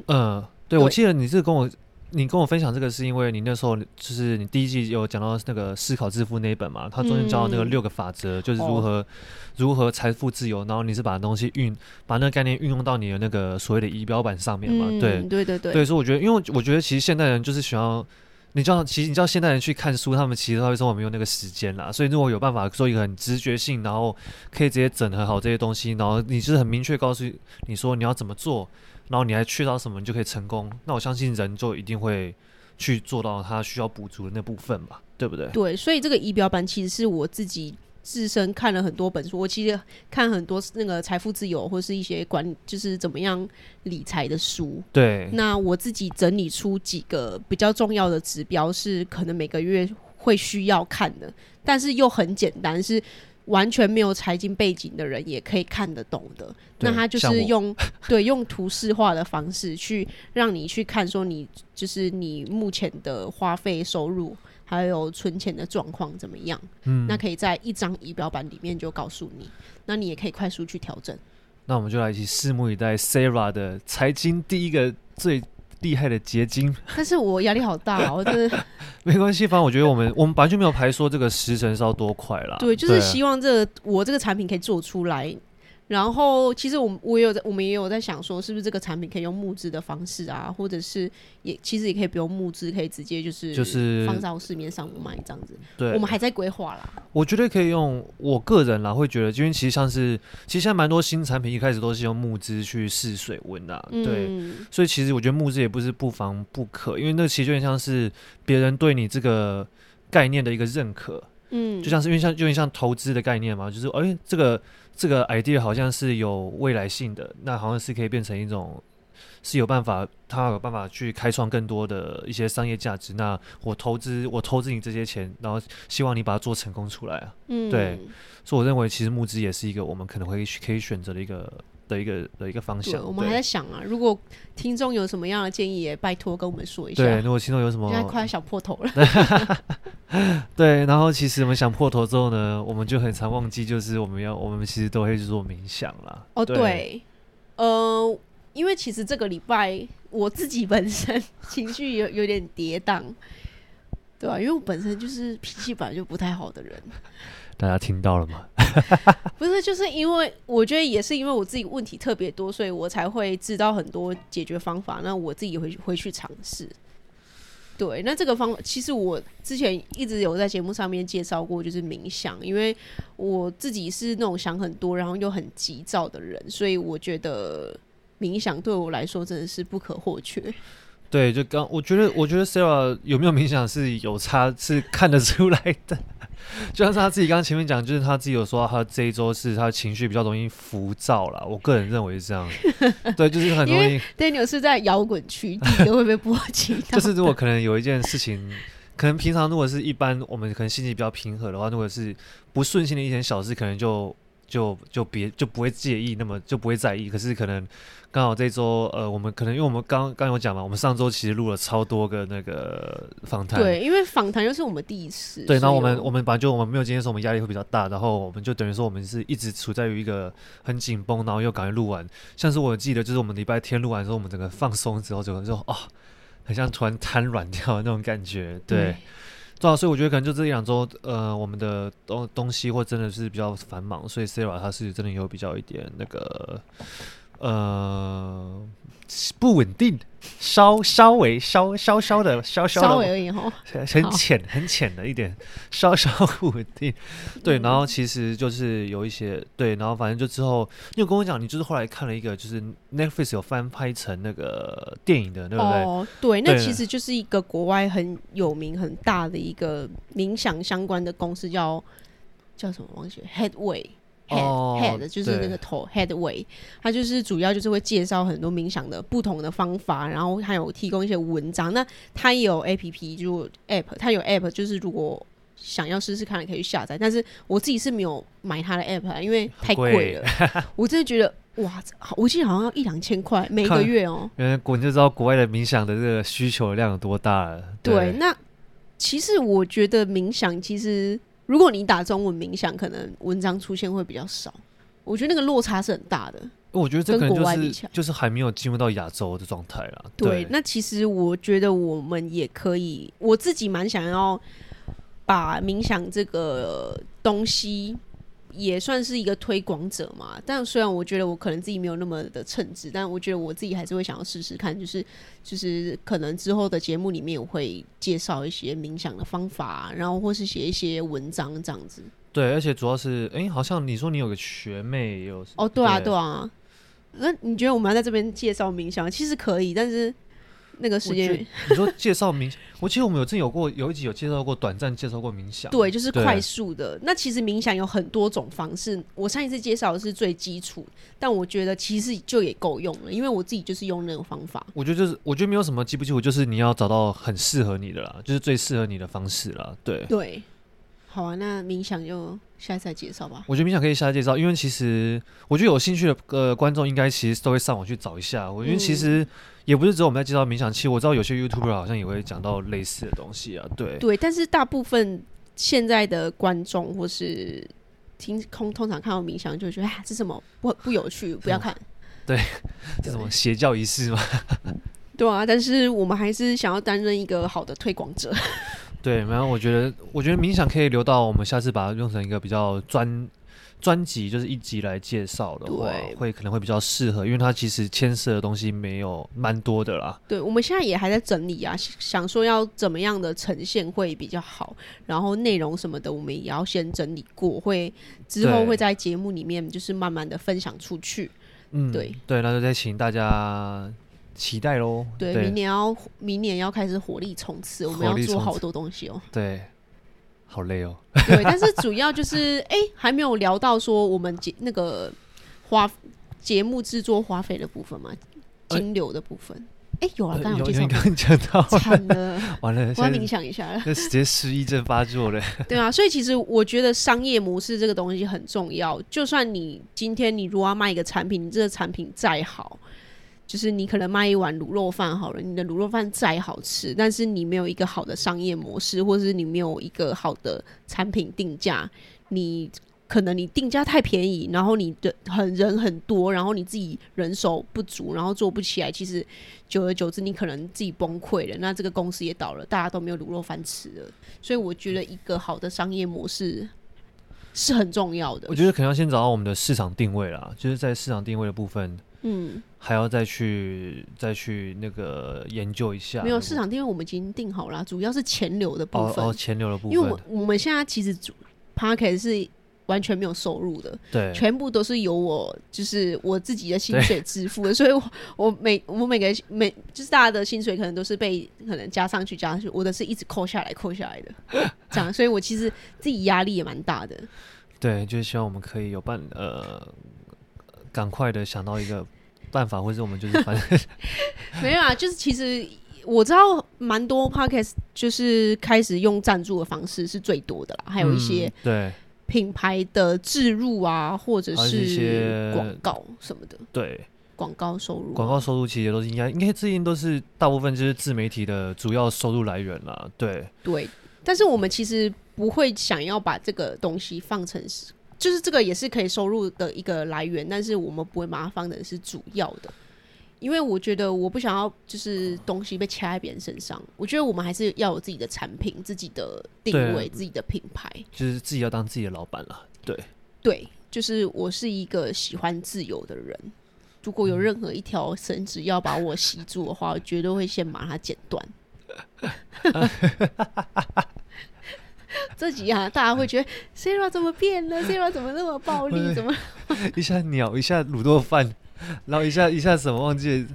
呃，對，對我記得你是跟我。你跟我分享這個是因為你那時候就是你第一季有講到那個《思考致富》那一本嘛，它中間教的那個六個法則，嗯、就是如何、哦、如何財富自由。然後你是把東西運把那個概念運用到你的那個所謂的儀表板上面嘛？嗯、對，對對對對。所以我覺得，因為我覺得其實現代人就是喜歡，你知道，其實你知道現代人去看書，他們其實他會說我沒有那個時間啦。所以如果有辦法做一個很直覺性，然後可以直接整合好這些東西，然後你就是很明確告訴你說你要怎麼做。然後你還缺少什麼，你就可以成功。那我相信人就一定會去做到他需要補足的那部分吧，對不對？對，所以這個儀表板其實是我自己自身看了很多本書，我其實看很多那個財富自由或是一些管理就是怎麼樣理財的書。對，那我自己整理出幾個比較重要的指標是可能每個月會需要看的，但是又很簡單是。完全沒有財經背景的人也可以看得懂的。對那他就是用像我 <laughs> 對，用圖示化的方式去讓你去看，說你就是你目前的花費、收入還有存錢的狀況怎麼樣？嗯，那可以在一張儀表板裡面就告訴你，那你也可以快速去調整。那我們就來一起拭目以待，Sara 的財經第一個最。厲害的結晶，但是我壓力好大。哦，我覺得沒關係。反正我覺得我們我們完全沒有排說這個時程是要多快啦。對，就是希望這個、對我這個產品可以做出來。然後，其實我們我也有在，我們也有在想說，是不是這個產品可以用募資的方式啊，或者是也其實也可以不用募資，可以直接就是就是放到市面上賣、就是、這樣子。對，我們還在規劃啦。我覺得可以用，我個人啦會覺得，因為其實像是其實現在蠻多新產品一開始都是用募資去試水溫的，嗯、對。所以其實我覺得募資也不是不防不可，因為那其實有點像是別人對你這個概念的一個認可，嗯，就像是因為像有點像投資的概念嘛，就是哎這個。這個 idea 好像是有未來性的，那好像是可以變成一種，是有辦法，他有辦法去開創更多的一些商業價值。那我投資，我投資你這些錢，然後希望你把它做成功出來啊。嗯，對，所以我認為其實募資也是一個我們可能會可以選擇的一個的一個的一個方向，對對我們還在想啊，如果聽眾有什麼樣的建議，也拜托跟我們說一下。對，如果聽眾有什麼，現在快要想破頭了。 <laughs> <laughs> 對，然後其實我們想破頭之後呢，我們就很常忘記，就是我們要，我們其實都會去做冥想了。哦，對，對，呃，因為其實這個禮拜我自己本身情緒有有點跌宕， <laughs> 對吧、啊？因為我本身就是脾氣本來就不太好的人。大家聽到了嗎？ <laughs> 不是，就是因為我覺得也是因為我自己問題特別多，所以我才會知道很多解決方法。那我自己會回去嘗試。對，那這個方法其實我之前一直有在節目上面介紹過，就是冥想。因為我自己是那種想很多，然後又很急躁的人，所以我覺得冥想對我來說真的是不可或缺。對，就剛我覺得，我覺得 Sara 有沒有冥想是有差，是看得出來的。 <laughs> 就像是他自己剛剛前面講，就是他自己有說，他這一周是他的情緒比較容易浮躁啦。我個人認為是這樣， <laughs> 對，就是很容易。對，Daniel 是在搖滾區，你都會被波及到。就是如果可能有一件事情，可能平常如果是一般，我們可能心情比較平和的話，如果是不順心的一點小事，可能就。就就別就不會介意那麼就不會在意，可是，可能剛好這周呃，我們可能因為我們剛剛有講嘛，我們上周其實錄了超多個那個訪談，對，因為訪談又是我們第一次，對，然後我們我們反正就我們沒有今天說我們壓力會比較大，然後我們就等於說我們是一直處在於一個很緊繃，然後又趕快錄完，像是我記得就是我們禮拜天錄完之後，我們整個放鬆之後就說，就會說啊，很像突然癱軟掉的那種感覺，對。對對啊，所以我覺得可能就這一兩周，呃，我們的東東西或真的是比較繁忙，所以 Sara 她是真的有比較一點那個。Okay. 呃，不穩定，稍稍微，稍稍，稍的，稍稍，稍微而已，很淺，很淺的一點，稍稍不穩定。對，然後其實就是有一些，嗯、對，然後反正就之後，你有跟我講，你就是後來看了一個，就是 Netflix 有翻拍成那個電影的，哦、對不對？哦，對，那其實就是一個國外很有名很大的一個冥想相關的公司叫，叫叫什麼？忘記了 Headway 哦 head，head 就是那個頭，Headway，他對就是主要就是會介紹很多冥想的不同的方法，然後還有提供一些文章。那他有 A P P，就是 App，他有 App，就是如果想要試試看，可以去下載。但是我自己是沒有買他的 App，因為太貴了。貴我真的覺得哇，我記得好像要一兩千塊每個月哦、喔。嗯 <laughs> ，原來你就知道國外的冥想的這個需求量有多大了。對，對那其實我覺得冥想其實。如果你打中文冥想，可能文章出現會比較少。我覺得那個落差是很大的。我覺得這、就是、跟國外比起來就是還沒有進入到亞洲的狀態啊。對，對，那其實我覺得我們也可以，我自己蠻想要把冥想這個東西。也算是一個推廣者嘛，但雖然我覺得我可能自己沒有那麼的稱職，但我覺得我自己還是會想要試試看，就是就是可能之後的節目裡面我會介紹一些冥想的方法、啊，然後或是寫一些文章這樣子。對，而且主要是，哎、欸，好像你說你有個學妹，也有哦，對啊，對，對啊，那你覺得我們要在這邊介紹冥想，其實可以，但是。那個時間，你說介紹冥想。 <laughs> 我記得我們有真有過有一集有介紹過短暫介紹過冥想，對，就是快速的。對那其實冥想有很多種方式，我上一次介紹的是最基礎，但我覺得其實就也夠用了，因為我自己就是用那種方法。我覺得就是，我覺得沒有什麼記不記，我就是你要找到很適合你的啦，就是最適合你的方式啦。對對，好啊，那冥想就下次再介紹吧。我覺得冥想可以下次介紹，因為其實我覺得有興趣的呃觀眾應該其實都會上網去找一下，我因為其實。嗯也不是只有我們在介紹冥想，其實我知道有些 YouTuber 好像也會講到類似的東西啊。對，對，但是大部分現在的觀眾或是聽通通常看到冥想就會覺得呀、啊、這什麼不不有趣，不要看。嗯、對，這 <laughs> 什麼邪教儀式嗎？對， <laughs> 對啊，但是我們還是想要擔任一個好的推廣者。對，沒有，我覺得，我覺得冥想可以留到我們下次把它用成一個比較專。專輯就是一集來介紹的話，對，會可能會比較適合，因為它其實牽涉的東西沒有蠻多的啦。對，我們現在也還在整理啊，想說要怎麼樣的呈現會比較好，然後內容什麼的，我們也要先整理過，會之後會在節目裡面就是慢慢的分享出去。對，對，嗯，對對，那就再請大家期待嘍。對，對，明年要，明年要開始火力衝刺，我們要做好多東西哦。對。好累哦。對，但是主要就是哎， <laughs> 還沒有聊到說我們節那個花節目制作花費的部分嘛，金流的部分。哎、欸，有啊，剛剛有介紹，剛剛講到慘了，了完了，我要冥想一下了，這直接失憶症發作了。對啊，所以其實我覺得商業模式這個東西很重要。就算你今天你如果要賣一個產品，你這個產品再好。就是你可能賣一碗滷肉飯好了，你的滷肉飯再好吃，但是你沒有一個好的商業模式，或者是你沒有一個好的產品定價，你可能你定價太便宜，然後你的很人很多，然後你自己人手不足，然後做不起來。其實久而久之，你可能自己崩潰了，那這個公司也倒了，大家都沒有滷肉飯吃了。所以我覺得一個好的商業模式是很重要的。我覺得可能要先找到我們的市場定位啦，就是在市場定位的部分。嗯，還要再去再去那個研究一下。沒有我市場定位，我們已經定好了、啊，主要是錢流的部分。哦，錢、哦、流的部分，因為我我們現在其實 Podcast 是完全沒有收入的，對，全部都是由我就是我自己的薪水支付的，對所以我我每我每個每就是大家的薪水可能都是被可能加上去加上去，我的是一直扣下來扣下來的， <laughs> 這樣，所以我其實自己壓力也蠻大的。對，就是希望我們可以有辦呃。趕快的想到一個辦法，或者我們就是反正沒有啊，就是其實我知道蠻多 podcast 就是開始用贊助的方式是最多的啦，還有一些對品牌的置入啊，嗯、或者是廣告什麼的，對廣告收入、啊，廣告收入其實都是應該應該最近都是大部分就是自媒體的主要收入來源啦。對對，但是我們其實不會想要把這個東西放成是。就是這個也是可以收入的一個來源，但是我們不會把它放的是主要的。因為我覺得我不想要就是東西被掐在別人身上，我覺得我們還是要有自己的產品、自己的定位、對自己的品牌，就是自己要當自己的老闆了。對，對，就是我是一個喜歡自由的人，如果有任何一條繩子要把我吸住的話，我絕對會先把它剪斷。 <laughs> <laughs> 自己啊，大家會覺得 Sara <laughs> 怎麼變了？Sara <laughs> 怎麼那麼暴力？怎麼 <laughs> 一下鳥，一下滷肉飯，然後一下 <laughs> 一下怎麼忘記？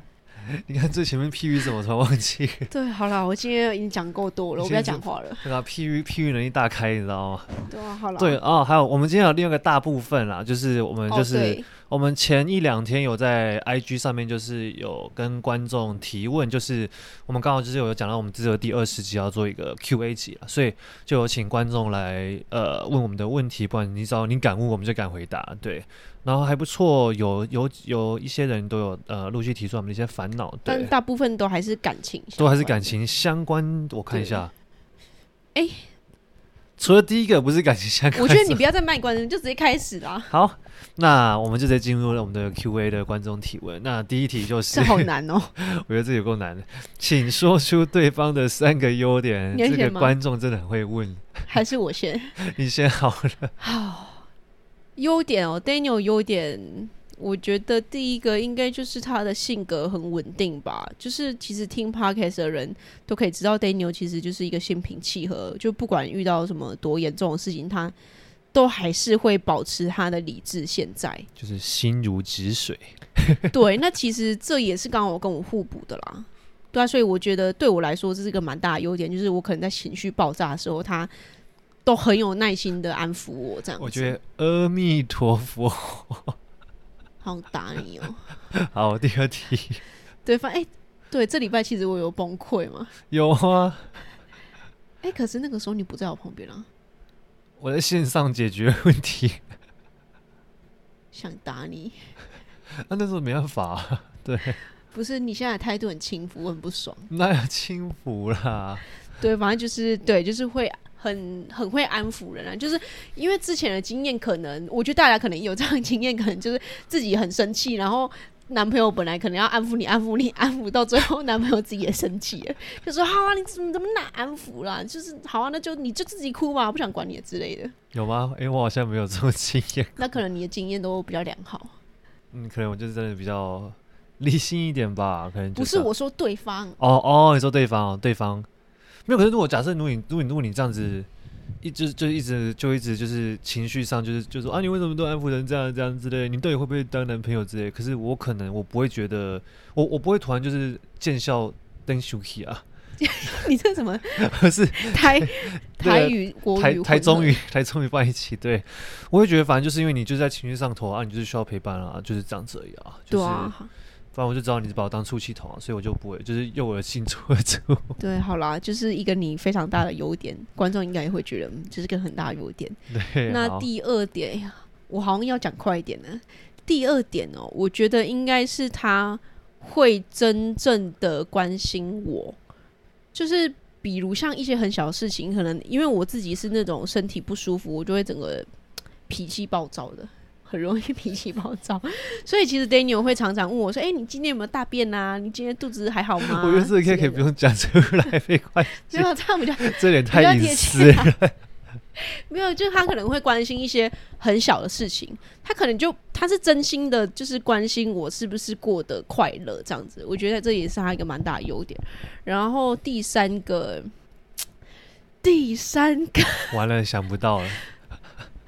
你看最前面 P V 怎麼突然忘記？對，好啦，我今天已經講夠多了，我不要講話了。對啊，P V 能力大開，你知道嗎？對啊對，哦，還有我們今天有另外一個大部分啦，就是我們就是。哦我們前一兩天有在 IG 上面，就是有跟觀眾提問，就是我們剛好就是有講到我們製作第二十集要做一個 Q&A 集了，所以就有請觀眾來呃問我們的問題，不管你，只要你敢問，我們就敢回答。對，然後還不錯，有有有一些人都有呃陸續提出我們的一些煩惱，但大部分都還是感情，都還是感情相關。我看一下，哎，欸、除了第一個不是感情相關，我覺得你不要再賣關子， <laughs> 就直接開始啦。好。那我們就直接進入了我們的 Q A 的觀眾提問。那第一題就是好難哦， <laughs> 我覺得這也夠難的，請說出對方的三個優點。這個觀眾真的很會問，還是我先？ <laughs> 你先好了。好，優點哦，Daniel 優點，我覺得第一個應該就是他的性格很穩定吧。就是其實聽 podcast 的人都可以知道，Daniel 其實就是一個心平氣和，就不管遇到什麼多嚴重的事情，他，都還是會保持他的理智，現在就是心如止水。 <laughs> 對，那其實這也是剛好我跟我互補的啦，對啊，所以我覺得對我來說這是一個蠻大的優點，就是我可能在情緒爆炸的時候，他都很有耐心的安撫我。這樣，我覺得阿彌陀佛， <laughs> 好打你哦、喔！好，第二題。對，方、欸、哎，對，這禮拜其實我有崩潰嗎？有啊。哎、欸，可是那個時候你不在我旁邊啊。我在線上解決問題，想打你。那、 <laughs> 啊、那時候沒辦法，對。不是，你現在的態度很輕浮，我很不爽。那要輕浮啦。對，反正就是對，就是會很很會安撫人啊，就是因為之前的經驗，可能我覺得大家可能有這樣的經驗，可能就是自己很生氣，然後。男朋友本來可能要安撫你,安你安，安撫你，安撫到最後，男朋友自己也生氣了，就說：“好啊，你怎麼怎麼哪安撫了、啊？就是好啊，那就你就自己哭吧，我不想管你之類的。”有嗎？因、欸、為我好像沒有這種經驗。那可能你的經驗都比較良好。嗯，可能我就是真的比較理性一點吧。可能就不是我說對方。哦哦，你說對方、哦，對方沒有。可是如果假設，如果你，如果你，如果你這樣子。一直就，就一直就一直就是情緒上就是就是、說啊你為什麼都安撫成這樣這樣之類，你到底會不會當男朋友之類？可是我可能我不會覺得我我不會突然就是見笑登 shuki 啊， <laughs> 你這什麼？不 <laughs> 是台對台語台台中語台中語放一起，對我也覺得反正就是因為你就是在情緒上頭啊，你就是需要陪伴啊，就是這樣子而已啊，就是、對啊。不然我就知道你是把我當出氣筒，所以我就不會，就是用我的性子出。對，好啦，就是一個你非常大的優點，觀眾應該也會覺得，這是一個很大的優點。對，那第二點，我好像要講快一點呢。第二點哦、喔，我覺得應該是他會真正的關心我，就是比如像一些很小的事情，可能因為我自己是那種身體不舒服，我就會整個脾氣暴躁的。很容易脾氣暴躁，所以其實 Daniel 會常常問我說：“哎、欸，你今天有沒有大便吶、啊？你今天肚子還好嗎？”我覺得這個可以不用講出來，沒關係 <laughs> 沒有這樣比較，這點太隱私了。啊、 <laughs> 沒有，就他可能會關心一些很小的事情，他可能就他是真心的，就是關心我是不是過得快樂這樣子。我覺得這也是他一個蠻大的優點。然後第三個，第三個 <laughs> 完了，想不到了。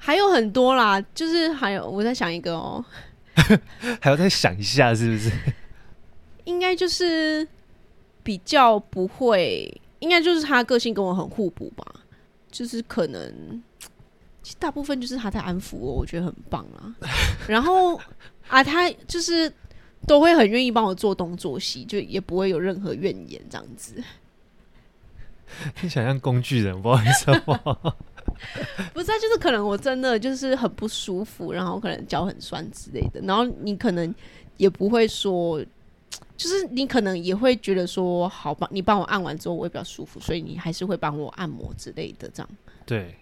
還有很多啦，就是還有我再想一個哦、喔， <laughs> 還要再想一下是不是？應該就是比較不會，應該就是他個性跟我很互補吧。就是可能，其實大部分就是他在安撫我，我覺得很棒啊。 <laughs> 然後啊，他就是都會很願意幫我做東做西，就也不會有任何怨言，這樣子。你想像工具人，不好意思嗎？ <laughs> <laughs> 不是啊，就是可能我真的就是很不舒服，然後可能腳很酸之類的，然後你可能也不會說，就是你可能也會覺得說，好吧，你幫我按完之後我也比較舒服，所以你還是會幫我按摩之類的，這樣。對。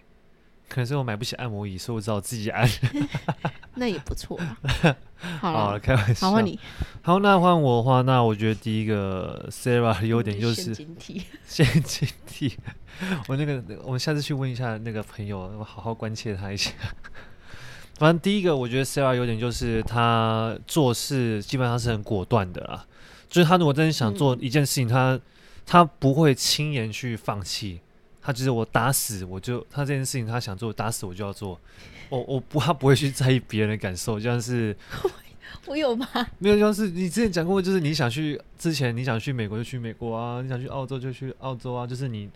可能是我買不起按摩椅，所以我只好自己按。 <laughs> 那也不錯。 <laughs> 好了，好了，開玩笑。好，你好那換我的話，那我覺得第一個 Sara 的優點就是先警惕。先警進惕。 <laughs> 我那個，我們下次去問一下那個朋友，我好好關切他一下。 <laughs> 反正第一個，我覺得 Sara 優點就是她做事基本上是很果斷的啊。就是她如果真的想做一件事情，嗯、她她不會輕言去放棄。他就是我打死我就他，這件事情他想做，打死我就要做，我、oh, 我不，他不會去在意別人的感受，就像是 <laughs> 我有嗎 怕？沒有，就是你之前講過，就是你想去，之前你想去美國就去美國啊，你想去澳洲就去澳洲啊，就是你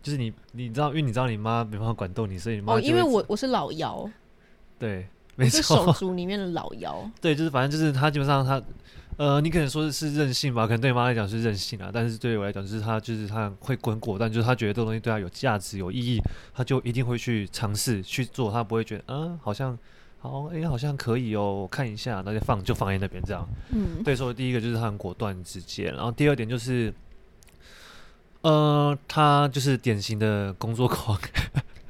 就是你你知道，因為你知道你媽沒辦法管動你，所以你媽就、哦。因為我我是老幺，對，沒錯，手足裡面的老幺， <laughs> 對，就是反正就是他基本上他。呃，你可能說的是任性吧？可能對你媽來講是任性啊，但是對我來講就是她就是她會很果斷，就是她覺得這東西對她有價值有意義，她就一定會去嘗試去做，她不會覺得嗯好像好哎、欸、好像可以哦，我看一下那就放就放在那邊這樣。嗯，對，所以第一個就是她很果斷直接，然後第二點就是，呃，她就是典型的工作狂，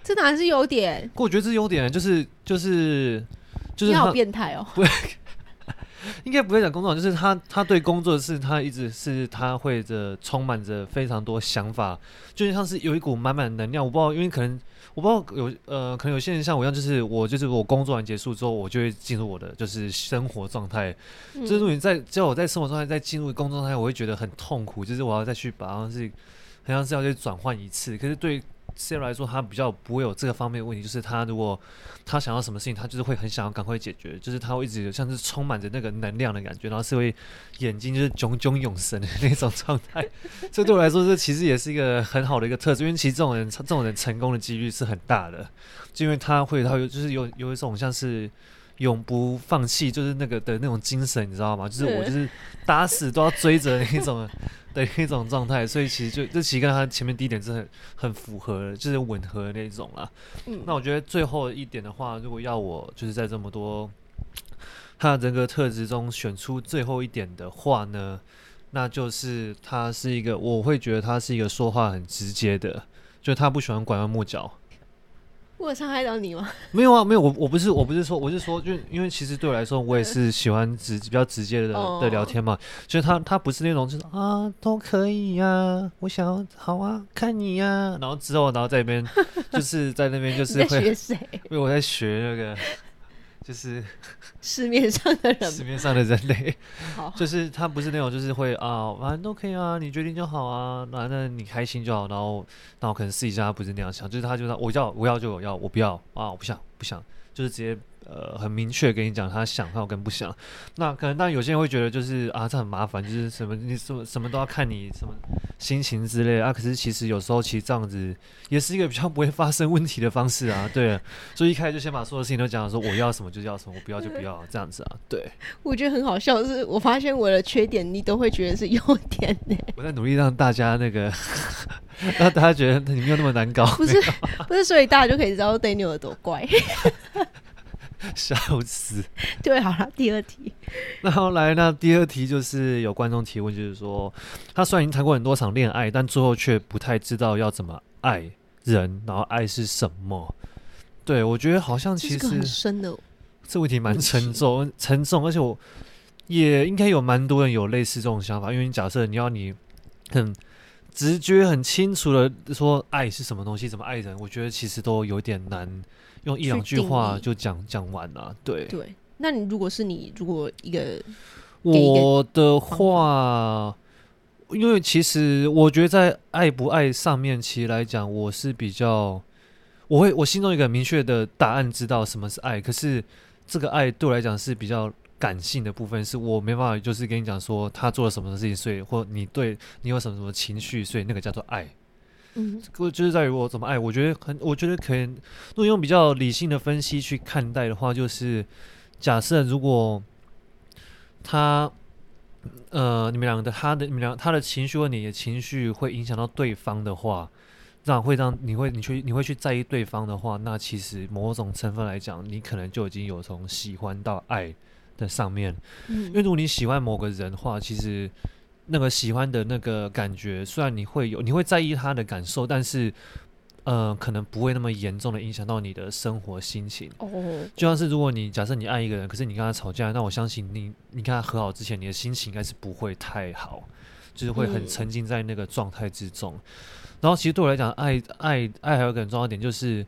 這哪是優點？我覺得這優點，就是就是就是你好變態哦。 <laughs> 應該不會講工作，就是他，他對工作的是，他一直是他會着充滿着非常多想法，就像是有一股滿滿能量。我不知道，因為可能我不知道有呃，可能有些人像我一樣，就是我就是我工作完結束之後，我就會進入我的就是生活狀態。嗯。就是如果你在只要我在生活狀態再進入工作狀態，我會覺得很痛苦，就是我要再去把，好像是很像是要去轉換一次。可是對。雖然來說，他比較不會有這個方面的問題，就是他如果他想要什麼事情，他就是會很想要趕快解決，就是他會一直有像是充滿着那個能量的感覺，然後是會眼睛就是炯炯有神的那種狀態。這對我來說，這其實也是一個很好的一個特質，因為其實這種人，這種人成功的幾率是很大的，就因為他會他有就是有有一種像是永不放棄，就是那個的那種精神，你知道嗎？就是我就是打死都要追着那種。的一種狀態，所以其實就這其實跟他前面第一點是很很符合的，就是吻合的那一種啦。嗯。那我覺得最後一點的話，如果要我就是在這麼多他的人格特質中選出最後一點的話呢，那就是他是一個，我會覺得他是一個說話很直接的，就他不喜歡拐彎抹角。會傷害到你嗎？沒有啊，沒有我我不是我不是說，我是說就因,因為其實對我來說，我也是喜歡直比較直接的的聊天嘛。哦、就是他他不是那種就是啊都可以呀、啊，我想要好啊看你呀、啊，然後之後然後在那邊 <laughs> 就是在那邊就是會你在學誰？因為我在學那個。就是市面上的人， <laughs> 市面上的人類， <laughs> 好 就是他不是那種，就是會啊，反正都可以啊，你決定就好啊，反正你開心就好，然後，那我可能試一下，他不是那樣想，就是他就是我要我要就我要我不要，我不要啊，我不想不想，就是直接。呃，很明確跟你講，他想或跟不想。那可能，但有些人會覺得，就是啊，這很麻煩，就是什麼，你什麼什麼都要看你什麼心情之類啊。可是其實有時候，其實這樣子也是一個比較不會發生問題的方式啊。對，所以一開始就先把所有事情都講了，說我要什麼就要什麼，我不要就不要，這樣子啊。對。我覺得很好笑是，是我發現我的缺點，你都會覺得是優點呢、欸。我在努力讓大家那個， <laughs> 讓大家覺得你沒有那麼難搞。不是，不是，所以大家就可以知道我對你有多乖。 <laughs> 笑死！對，好了，第二題。那後來，那第二題就是有觀眾提問，就是說，他雖然已經談過很多場戀愛，但最後卻不太知道要怎麼愛人，然後愛是什麼。對，我覺得好像其實這這很深的、哦。這問題蠻沉重，不行，沉重，而且我也應該有蠻多人有類似這種想法，因為你假設你要你很直覺很清楚的說愛是什麼東西，怎麼愛人，我覺得其實都有點難。用一兩句話就講講，講完了，對。對，那你如果是你，如果一個一個我的話，嗯，因為其實我覺得在愛不愛上面，其實來講我是比較，我會我心中一個明確的答案，知道什麼是愛。可是這個愛對我來講是比較感性的部分，是我沒辦法就是跟你講說他做了什麼事情，所以或你對你有什麼什麼情緒，所以那個叫做愛。嗯，就是在於我怎麼愛，我覺得很，我覺得可能，如果用比較理性的分析去看待的話，就是假設如果他，呃，你們兩個的他的你們兩他的情緒或你的情緒會影響到對方的話，這樣會讓你會你去你會去在意對方的話，那其實某種成分來講，你可能就已經有從喜歡到愛的上面，嗯，因為如果你喜歡某個人的話，其實。那個喜歡的那個感覺，雖然你會有，你會在意他的感受，但是，呃，可能不會那麼嚴重的影響到你的生活心情。哦，oh. 就像是如果你假設你愛一個人，可是你跟他吵架，那我相信你，你跟他和好之前，你的心情應該是不會太好，就是會很沉浸在那個狀態之中。Mm. 然後，其實對我來講，愛愛愛還有一個很重要點就是。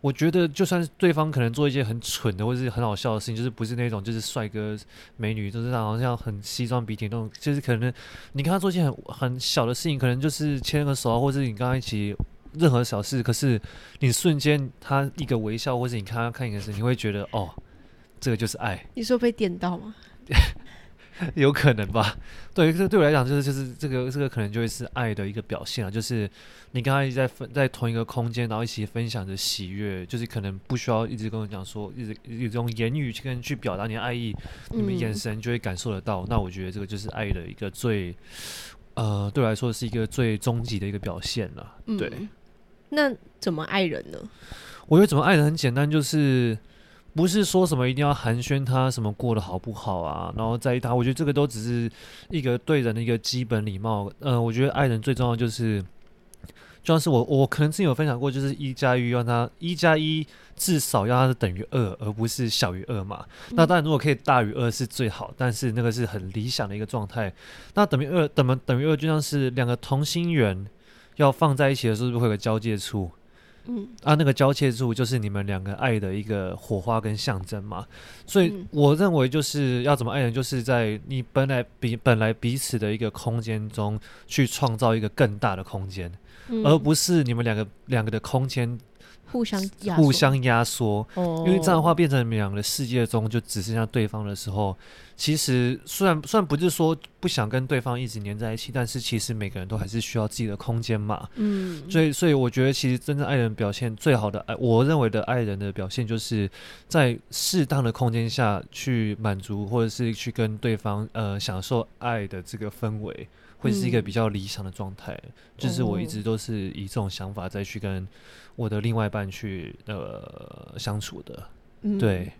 我覺得就算是對方可能做一些很蠢的或者是很好笑的事情，就是不是那種就是帥哥美女，就是好像很西裝筆挺那種，就是可能你跟他做一件很很小的事情，可能就是牽個手啊，或者你跟他一起任何小事，可是你瞬間他一個微笑，或者是你看他看你的時候，你會覺得哦，這個就是愛。你說被點到嗎？ <laughs> 有可能吧。對，這對我來講就是就是這個這個可能就會是愛的一個表現了，就是你跟他一直在分在同一個空間，然後一起分享着喜悅，就是可能不需要一直跟我講說，一直，一直用言語去跟去表達你的愛意，你們眼神就會感受得到。嗯、那我覺得這個就是愛的一個最，呃，對我來說是一個最終極的一個表現了。對、嗯，那怎麼愛人呢？我覺得怎麼愛人很簡單，就是。不是說什麼一定要寒暄他什麼過得好不好啊，然後在意他，我覺得這個都只是一個對人的一個基本禮貌。呃，我覺得愛人最重要就是，就像是我我可能之前有分享過，就是一加一要他一加一至少要他是等於二，而不是小於二嘛。那當然如果可以大於二是最好，但是那個是很理想的一個狀態。那等於二等於等於二就像是兩個同心圓要放在一起的時候，是不是會有個交界處？嗯、啊，那個交界處就是你們兩個愛的一個火花跟象徵嘛，所以我認為就是要怎麼愛人，就是在你本來彼本來彼此的一個空間中去創造一個更大的空間，嗯、而不是你們兩個兩個的空間。互相互相壓縮，哦、因為這樣的話變成兩個世界中就只剩下對方的時候，其實雖然雖然不是說不想跟對方一直黏在一起，但是其實每個人都還是需要自己的空間嘛。嗯，所以所以我覺得其實真正愛人表現最好的愛，我認為的愛人的表現就是在適當的空間下去滿足，或者是去跟對方呃享受愛的這個氛圍會是一個比較理想的狀態，嗯、就是我一直都是以這種想法再去跟我的另外一半去呃相處的。嗯、對，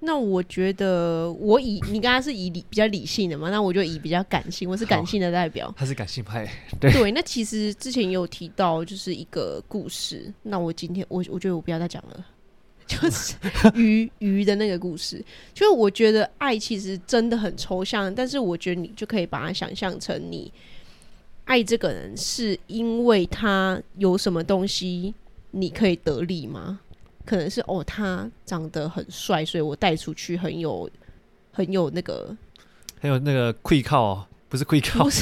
那我覺得我以你剛剛是以理比較理性的嘛，那我就以比較感性，我是感性的代表。他是感性派，對，對。那其實之前也有提到就是一個故事，那我今天我我覺得我不要再講了。 <laughs> 就是魚魚的那個故事， <laughs> 就是我覺得愛其實真的很抽象，但是我覺得你就可以把它想象成你愛這個人是因為他有什麼東西你可以得利嗎？可能是哦，他長得很帥，所以我帶出去很有很有那個，很有那個愧靠靠、哦。不是 Quick，不是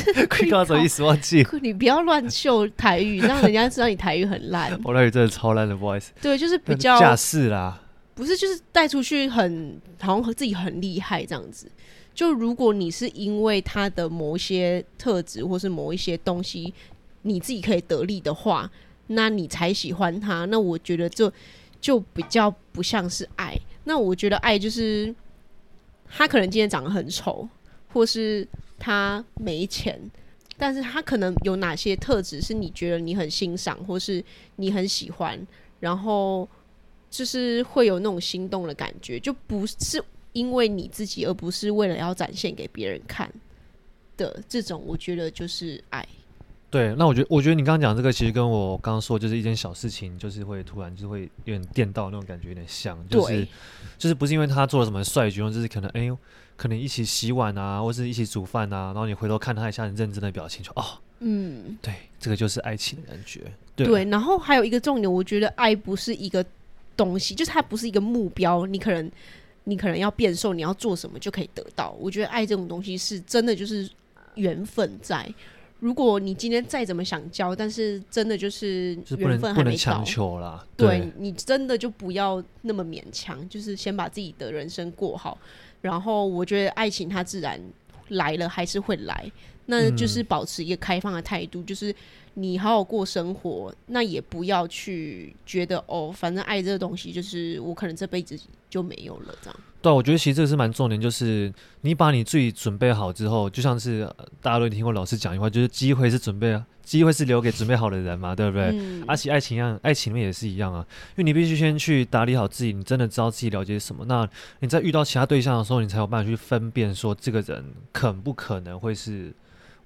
什麼意思忘記？ <laughs> 你不要亂秀台語， <laughs> 讓人家知道你台語很爛。我台 <laughs> 語真的超爛的 voice 對，就是比較架勢啦。不是，就是帶出去很，很好像自己很厲害這樣子。就如果你是因為他的某一些特質，或是某一些東西，你自己可以得力的話，那你才喜歡他。那我覺得這就，就比較不像是愛。那我覺得愛就是他可能今天長得很醜，或是。他沒錢，但是他可能有哪些特質是你覺得你很欣賞，或是你很喜歡，然後就是會有那種心動的感覺，就不是因為你自己，而不是為了要展現給別人看的這種，我覺得就是愛。對，那我覺得，我覺得你剛剛講這個，其實跟我剛剛說就是一件小事情，就是會突然就是會有點電到那種感覺有點像，對就是就是不是因為他做了什麼帥舉動，就是可能哎呦。可能一起洗碗啊，或是一起煮飯啊，然後你回頭看他一下，很認真的表情，說：“哦，嗯，對，這個就是愛情的感覺。對”對，然後還有一個重點，我覺得愛不是一個東西，就是它不是一個目標。你可能，你可能要變瘦，你要做什麼就可以得到？我覺得愛這種東西是真的，就是緣分在。如果你今天再怎麼想交，但是真的就是緣分還沒是不能，不能強求了。對，對你真的就不要那麼勉強，就是先把自己的人生過好。然後我覺得愛情它自然來了還是會來，那就是保持一個開放的態度，嗯、就是你好好過生活，那也不要去覺得哦，反正愛這個東西就是我可能這輩子就沒有了這樣。對、啊，我覺得其實這個是蠻重點，就是你把你自己準備好之後，就像是大家都聽過老師講一句話，就是機會是準備，機會是留給準備好的人嘛，對不對？而且、嗯啊、愛情一樣，愛情面也是一樣啊，因為你必須先去打理好自己，你真的知道自己了解什麼，那你在遇到其他對象的時候，你才有辦法去分辨說這個人可不可能會是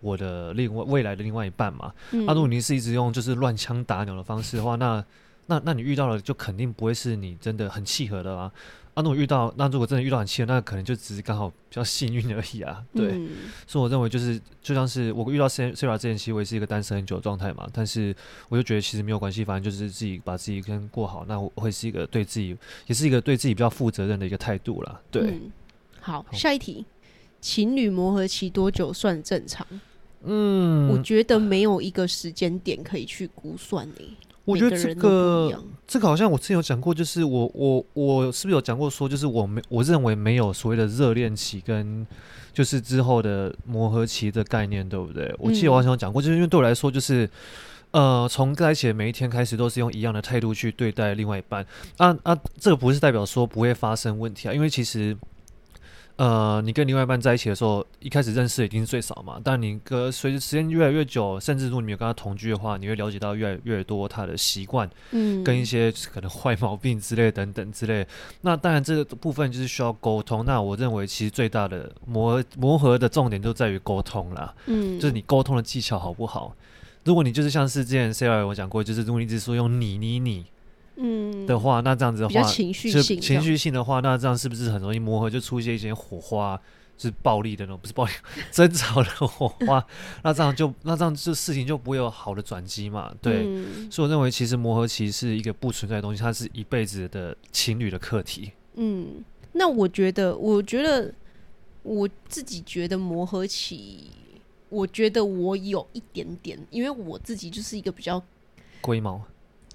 我的另外未來的另外一半嘛？嗯。啊、如果，你是一直用就是亂槍打鳥的方式的話，那。那那你遇到了就肯定不會是你真的很契合的啦、啊。啊，那我遇到那如果真的遇到很契合，那可能就只是剛好比較幸運而已啊。對，嗯、所以我認為就是就像是我遇到 Sara 之前，其實我也是一個單身很久的狀態嘛。但是我就覺得其實沒有關係，反正就是自己把自己先過好，那我會是一個對自己也是一個對自己比較負責任的一個態度了。對，嗯、好，好下一題，情侶磨合期多久算正常？嗯，我覺得沒有一個時間點可以去估算耶。我覺得這個，個這個好像我之前有講過，就是我我我是不是有講過說，就是我沒我認為沒有所謂的熱戀期跟就是之後的磨合期的概念，嗯、對不對？我記得我好像有講過，就是因為對我來說，就是呃，從在一起的每一天開始，都是用一樣的態度去對待另外一半。啊啊，這個不是代表說不會發生問題啊，因為其實。呃，你跟另外一半在一起的時候，一開始認識已經是最少嘛，但你跟隨着時間越來越久，甚至如果你有跟他同居的話，你會了解到越來越多他的習慣，嗯，跟一些可能壞毛病之類等等之類。嗯、那當然這個部分就是需要溝通。那我認為其實最大的磨磨合的重點就在於溝通啦。嗯，就是你溝通的技巧好不好？如果你就是像是之前 Sara 我講過，就是如果你一直說用你你你，你。嗯，的話，那這樣子的話，情緒性就情緒性的話，那這樣是不是很容易磨合就出現一些火花，樣是暴力的那種，不是暴力 <laughs> 爭吵的火花？ <laughs> 那這樣就那這樣，這事情就不會有好的轉機嘛？對，嗯、所以我認為其實磨合期是一個不存在的東西，它是一輩子的情侶的課題。嗯，那我覺得，我覺得我自己覺得磨合期，我覺得我有一點點，因為我自己就是一個比較龜毛。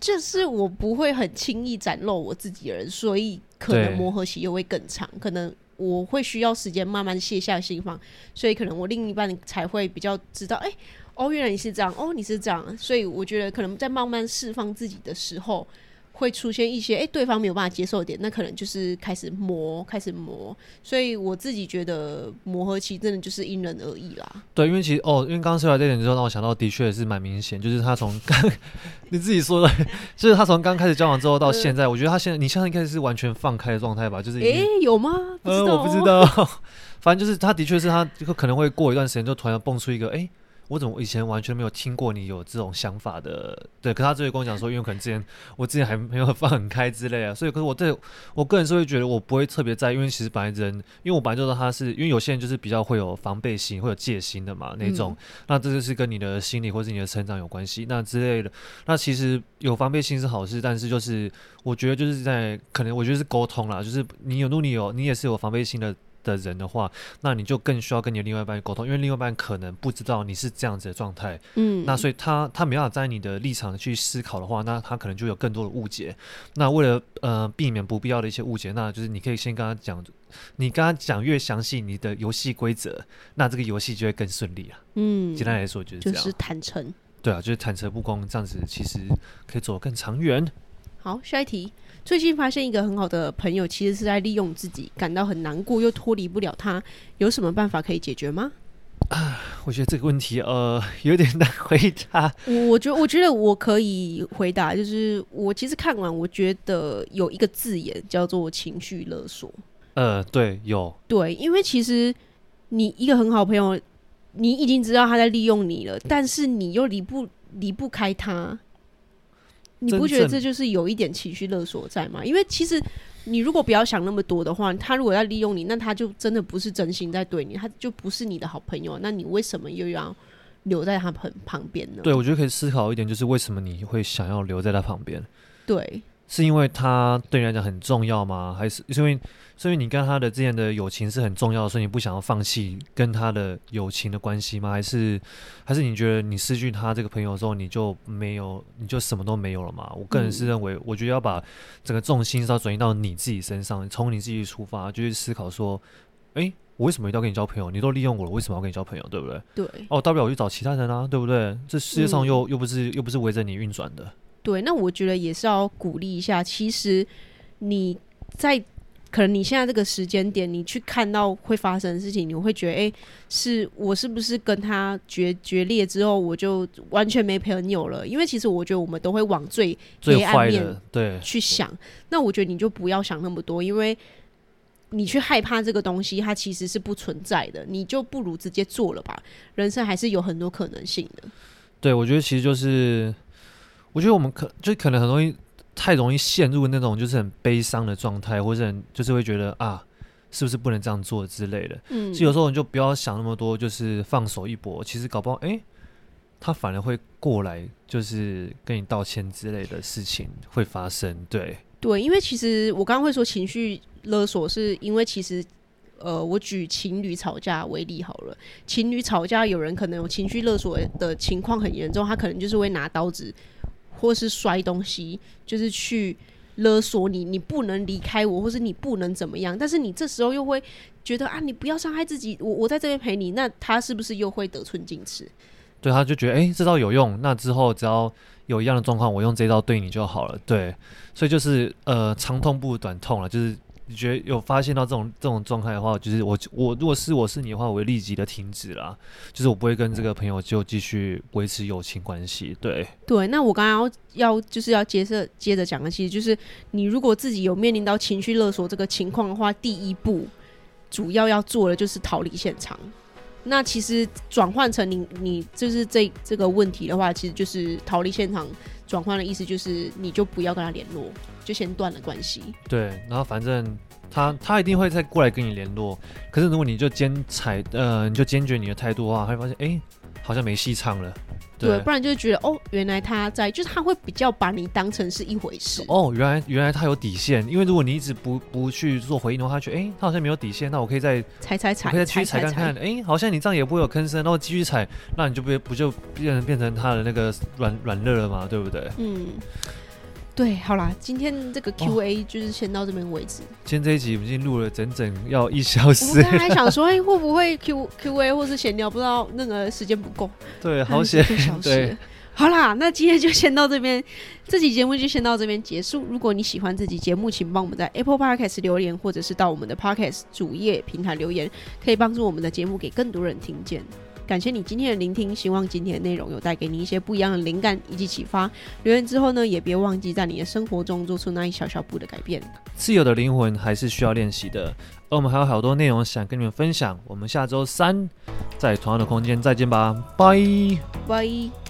就是我不會很輕易展露我自己的人，所以可能磨合期又會更長，對可能我會需要時間慢慢卸下心防，所以可能我另一半才會比較知道，哎、欸，哦，原來你是這樣，哦，你是這樣，所以我覺得可能在慢慢釋放自己的時候。會出現一些哎、欸，對方沒有辦法接受的點，那可能就是開始磨，開始磨。所以我自己覺得磨合期真的就是因人而異啦。對，因為其實哦，因為剛剛說到這點之後，讓我想到的確也是蠻明顯，就是他從剛 <laughs> 你自己說的，就是他從剛開始交往之後到現在，呃、我覺得他現在你現在應該是完全放開的狀態吧？就是哎、欸，有嗎？不哦、呃，我不知道， <laughs> 反正就是他的確是他就可能會過一段時間就突然蹦出一個哎。欸我怎麼以前完全沒有聽過你有這種想法的？對，可他最近跟我講說，因為可能之前我之前還沒有放很開之類啊，所以可是我對我個人是會覺得我不會特別在意，因為其實本來人，因為我本來就知道他是，因為有些人就是比較會有防備心、會有戒心的嘛那種，嗯、那這就是跟你的心理或是你的成長有關係那之類的。那其實有防備心是好事，但是就是我覺得就是在可能我覺得是溝通啦，就是你有怒你有，你也是有防備心的。的人的話，那你就更需要跟你的另外一半溝通，因為另外一半可能不知道你是這樣子的狀態，嗯，那所以他他沒有在你的立場去思考的話，那他可能就有更多的誤解。那為了呃避免不必要的一些誤解，那就是你可以先跟他講，你跟他講越詳細你的遊戲規則，那這個遊戲就會更順利啊。嗯，簡單來說，我覺得就是坦誠，對啊，就是坦誠布公這樣子，其實可以走得更長遠。好，下一題。最近發現一個很好的朋友，其實是在利用自己，感到很難過又脫離不了他，有什麼辦法可以解決嗎？啊，我覺得這個問題呃有點難回答。我覺得，我覺得我可以回答，就是我其實看完，我覺得有一個字眼叫做情緒勒索。呃，對，有。對，因為其實你一個很好的朋友，你已經知道他在利用你了，但是你又離不離不開他。你不覺得這就是有一點情緒勒索在嗎？因為其實你如果不要想那麼多的話，他如果要利用你，那他就真的不是真心在對你，他就不是你的好朋友。那你為什麼又要留在他旁旁邊呢？對，我覺得可以思考一點，就是為什麼你會想要留在他旁邊？對。是因為他對你來講很重要嗎？還是因為，因為你跟他的之間的友情是很重要的，所以你不想要放棄跟他的友情的關係嗎？還是，還是你覺得你失去他這個朋友的時候，你就沒有，你就什麼都沒有了嗎？我個人是認為，我覺得要把整個重心是要轉移到你自己身上，從、嗯、你自己出發，就去、是、思考說，哎、欸，我為什麼一定要跟你交朋友？你都利用我了，我為什麼要跟你交朋友？對不對？對。哦，大不了我去找其他人啊，對不對？這世界上又、嗯、又不是又不是圍着你運轉的。對，那我覺得也是要鼓勵一下。其實你在可能你現在這個時間點，你去看到會發生的事情，你會覺得哎、欸，是我是不是跟他決決裂之後，我就完全沒朋友了？因為其實我覺得我們都會往最黑暗面最壞的對去想。那我覺得你就不要想那麼多，因為你去害怕這個東西，它其實是不存在的。你就不如直接做了吧，人生還是有很多可能性的。對，我覺得其實就是。我覺得我們可就可能很容易太容易陷入那種就是很悲傷的狀態，或者很就是會覺得啊，是不是不能這樣做之類的。嗯，所以有時候你就不要想那麼多，就是放手一搏，其實搞不好哎、欸，他反而會過來，就是跟你道歉之類的事情會發生。對，對，因為其實我剛剛會說情緒勒索，是因為其實呃，我舉情侶吵架為例好了，情侶吵架有人可能有情緒勒索的情況很嚴重，他可能就是會拿刀子。或是摔東西，就是去勒索你，你不能離開我，或是你不能怎麼樣。但是你這時候又會覺得啊，你不要傷害自己，我我在這邊陪你。那他是不是又會得寸進尺？對，他就覺得哎、欸，這招有用。那之後只要有一樣的狀況，我用這招對你就好了。對，所以就是呃，長痛不如短痛了，就是。你覺得有發現到這種這種狀態的話，就是我我如果是我是你的話，我會立即的停止啦，就是我不會跟這個朋友就繼續維持友情關係。對對，那我剛剛要要就是要接着接着講的，其實就是你如果自己有面臨到情緒勒索這個情況的話，嗯、第一步主要要做的就是逃離現場。那其實轉換成你你就是這這個問題的話，其實就是逃離現場轉換的意思就是你就不要跟他聯絡。就先斷了關係，對，然後反正他他一定會再過來跟你聯絡，嗯、可是如果你就堅踩呃，你就堅決你的態度的話，他會發現哎、欸，好像沒戲唱了，對，對，不然就是覺得哦，原來他在，就是他會比較把你當成是一回事，哦，原來原來他有底線，因為如果你一直不不去做回應的話，他覺得哎、欸，他好像沒有底線，那我可以再踩踩踩，我可以再去踩看看，踩踩踩哎，好像你這樣也不會有吭聲，然後繼續踩，那你就變不就變變成他的那個軟軟肋了嘛，對不對？嗯。對，好啦，今天這個 Q&A 就是先到這邊為止。今天這一集已經錄了整整要一小時，我剛才還想說，哎， <laughs> 會不會 Q Q&A 或是閒聊，不知道那個時間不夠。對，好險，一小時。對好啦，那今天就先到這邊，這集節目就先到這邊結束。如果你喜歡這集節目，請幫我們在 Apple Podcast 留言，或者是到我們的 Podcast 主頁平台留言，可以幫助我們的節目給更多人聽見。感謝你今天的聆聽，希望今天的內容有帶給你一些不一樣的靈感以及啟發。留言之後呢，也別忘記在你的生活中做出那一小小步的改變。自由的靈魂還是需要練習的，而我們還有好多內容想跟你們分享。我們下周三在同樣的空間再見吧，拜拜。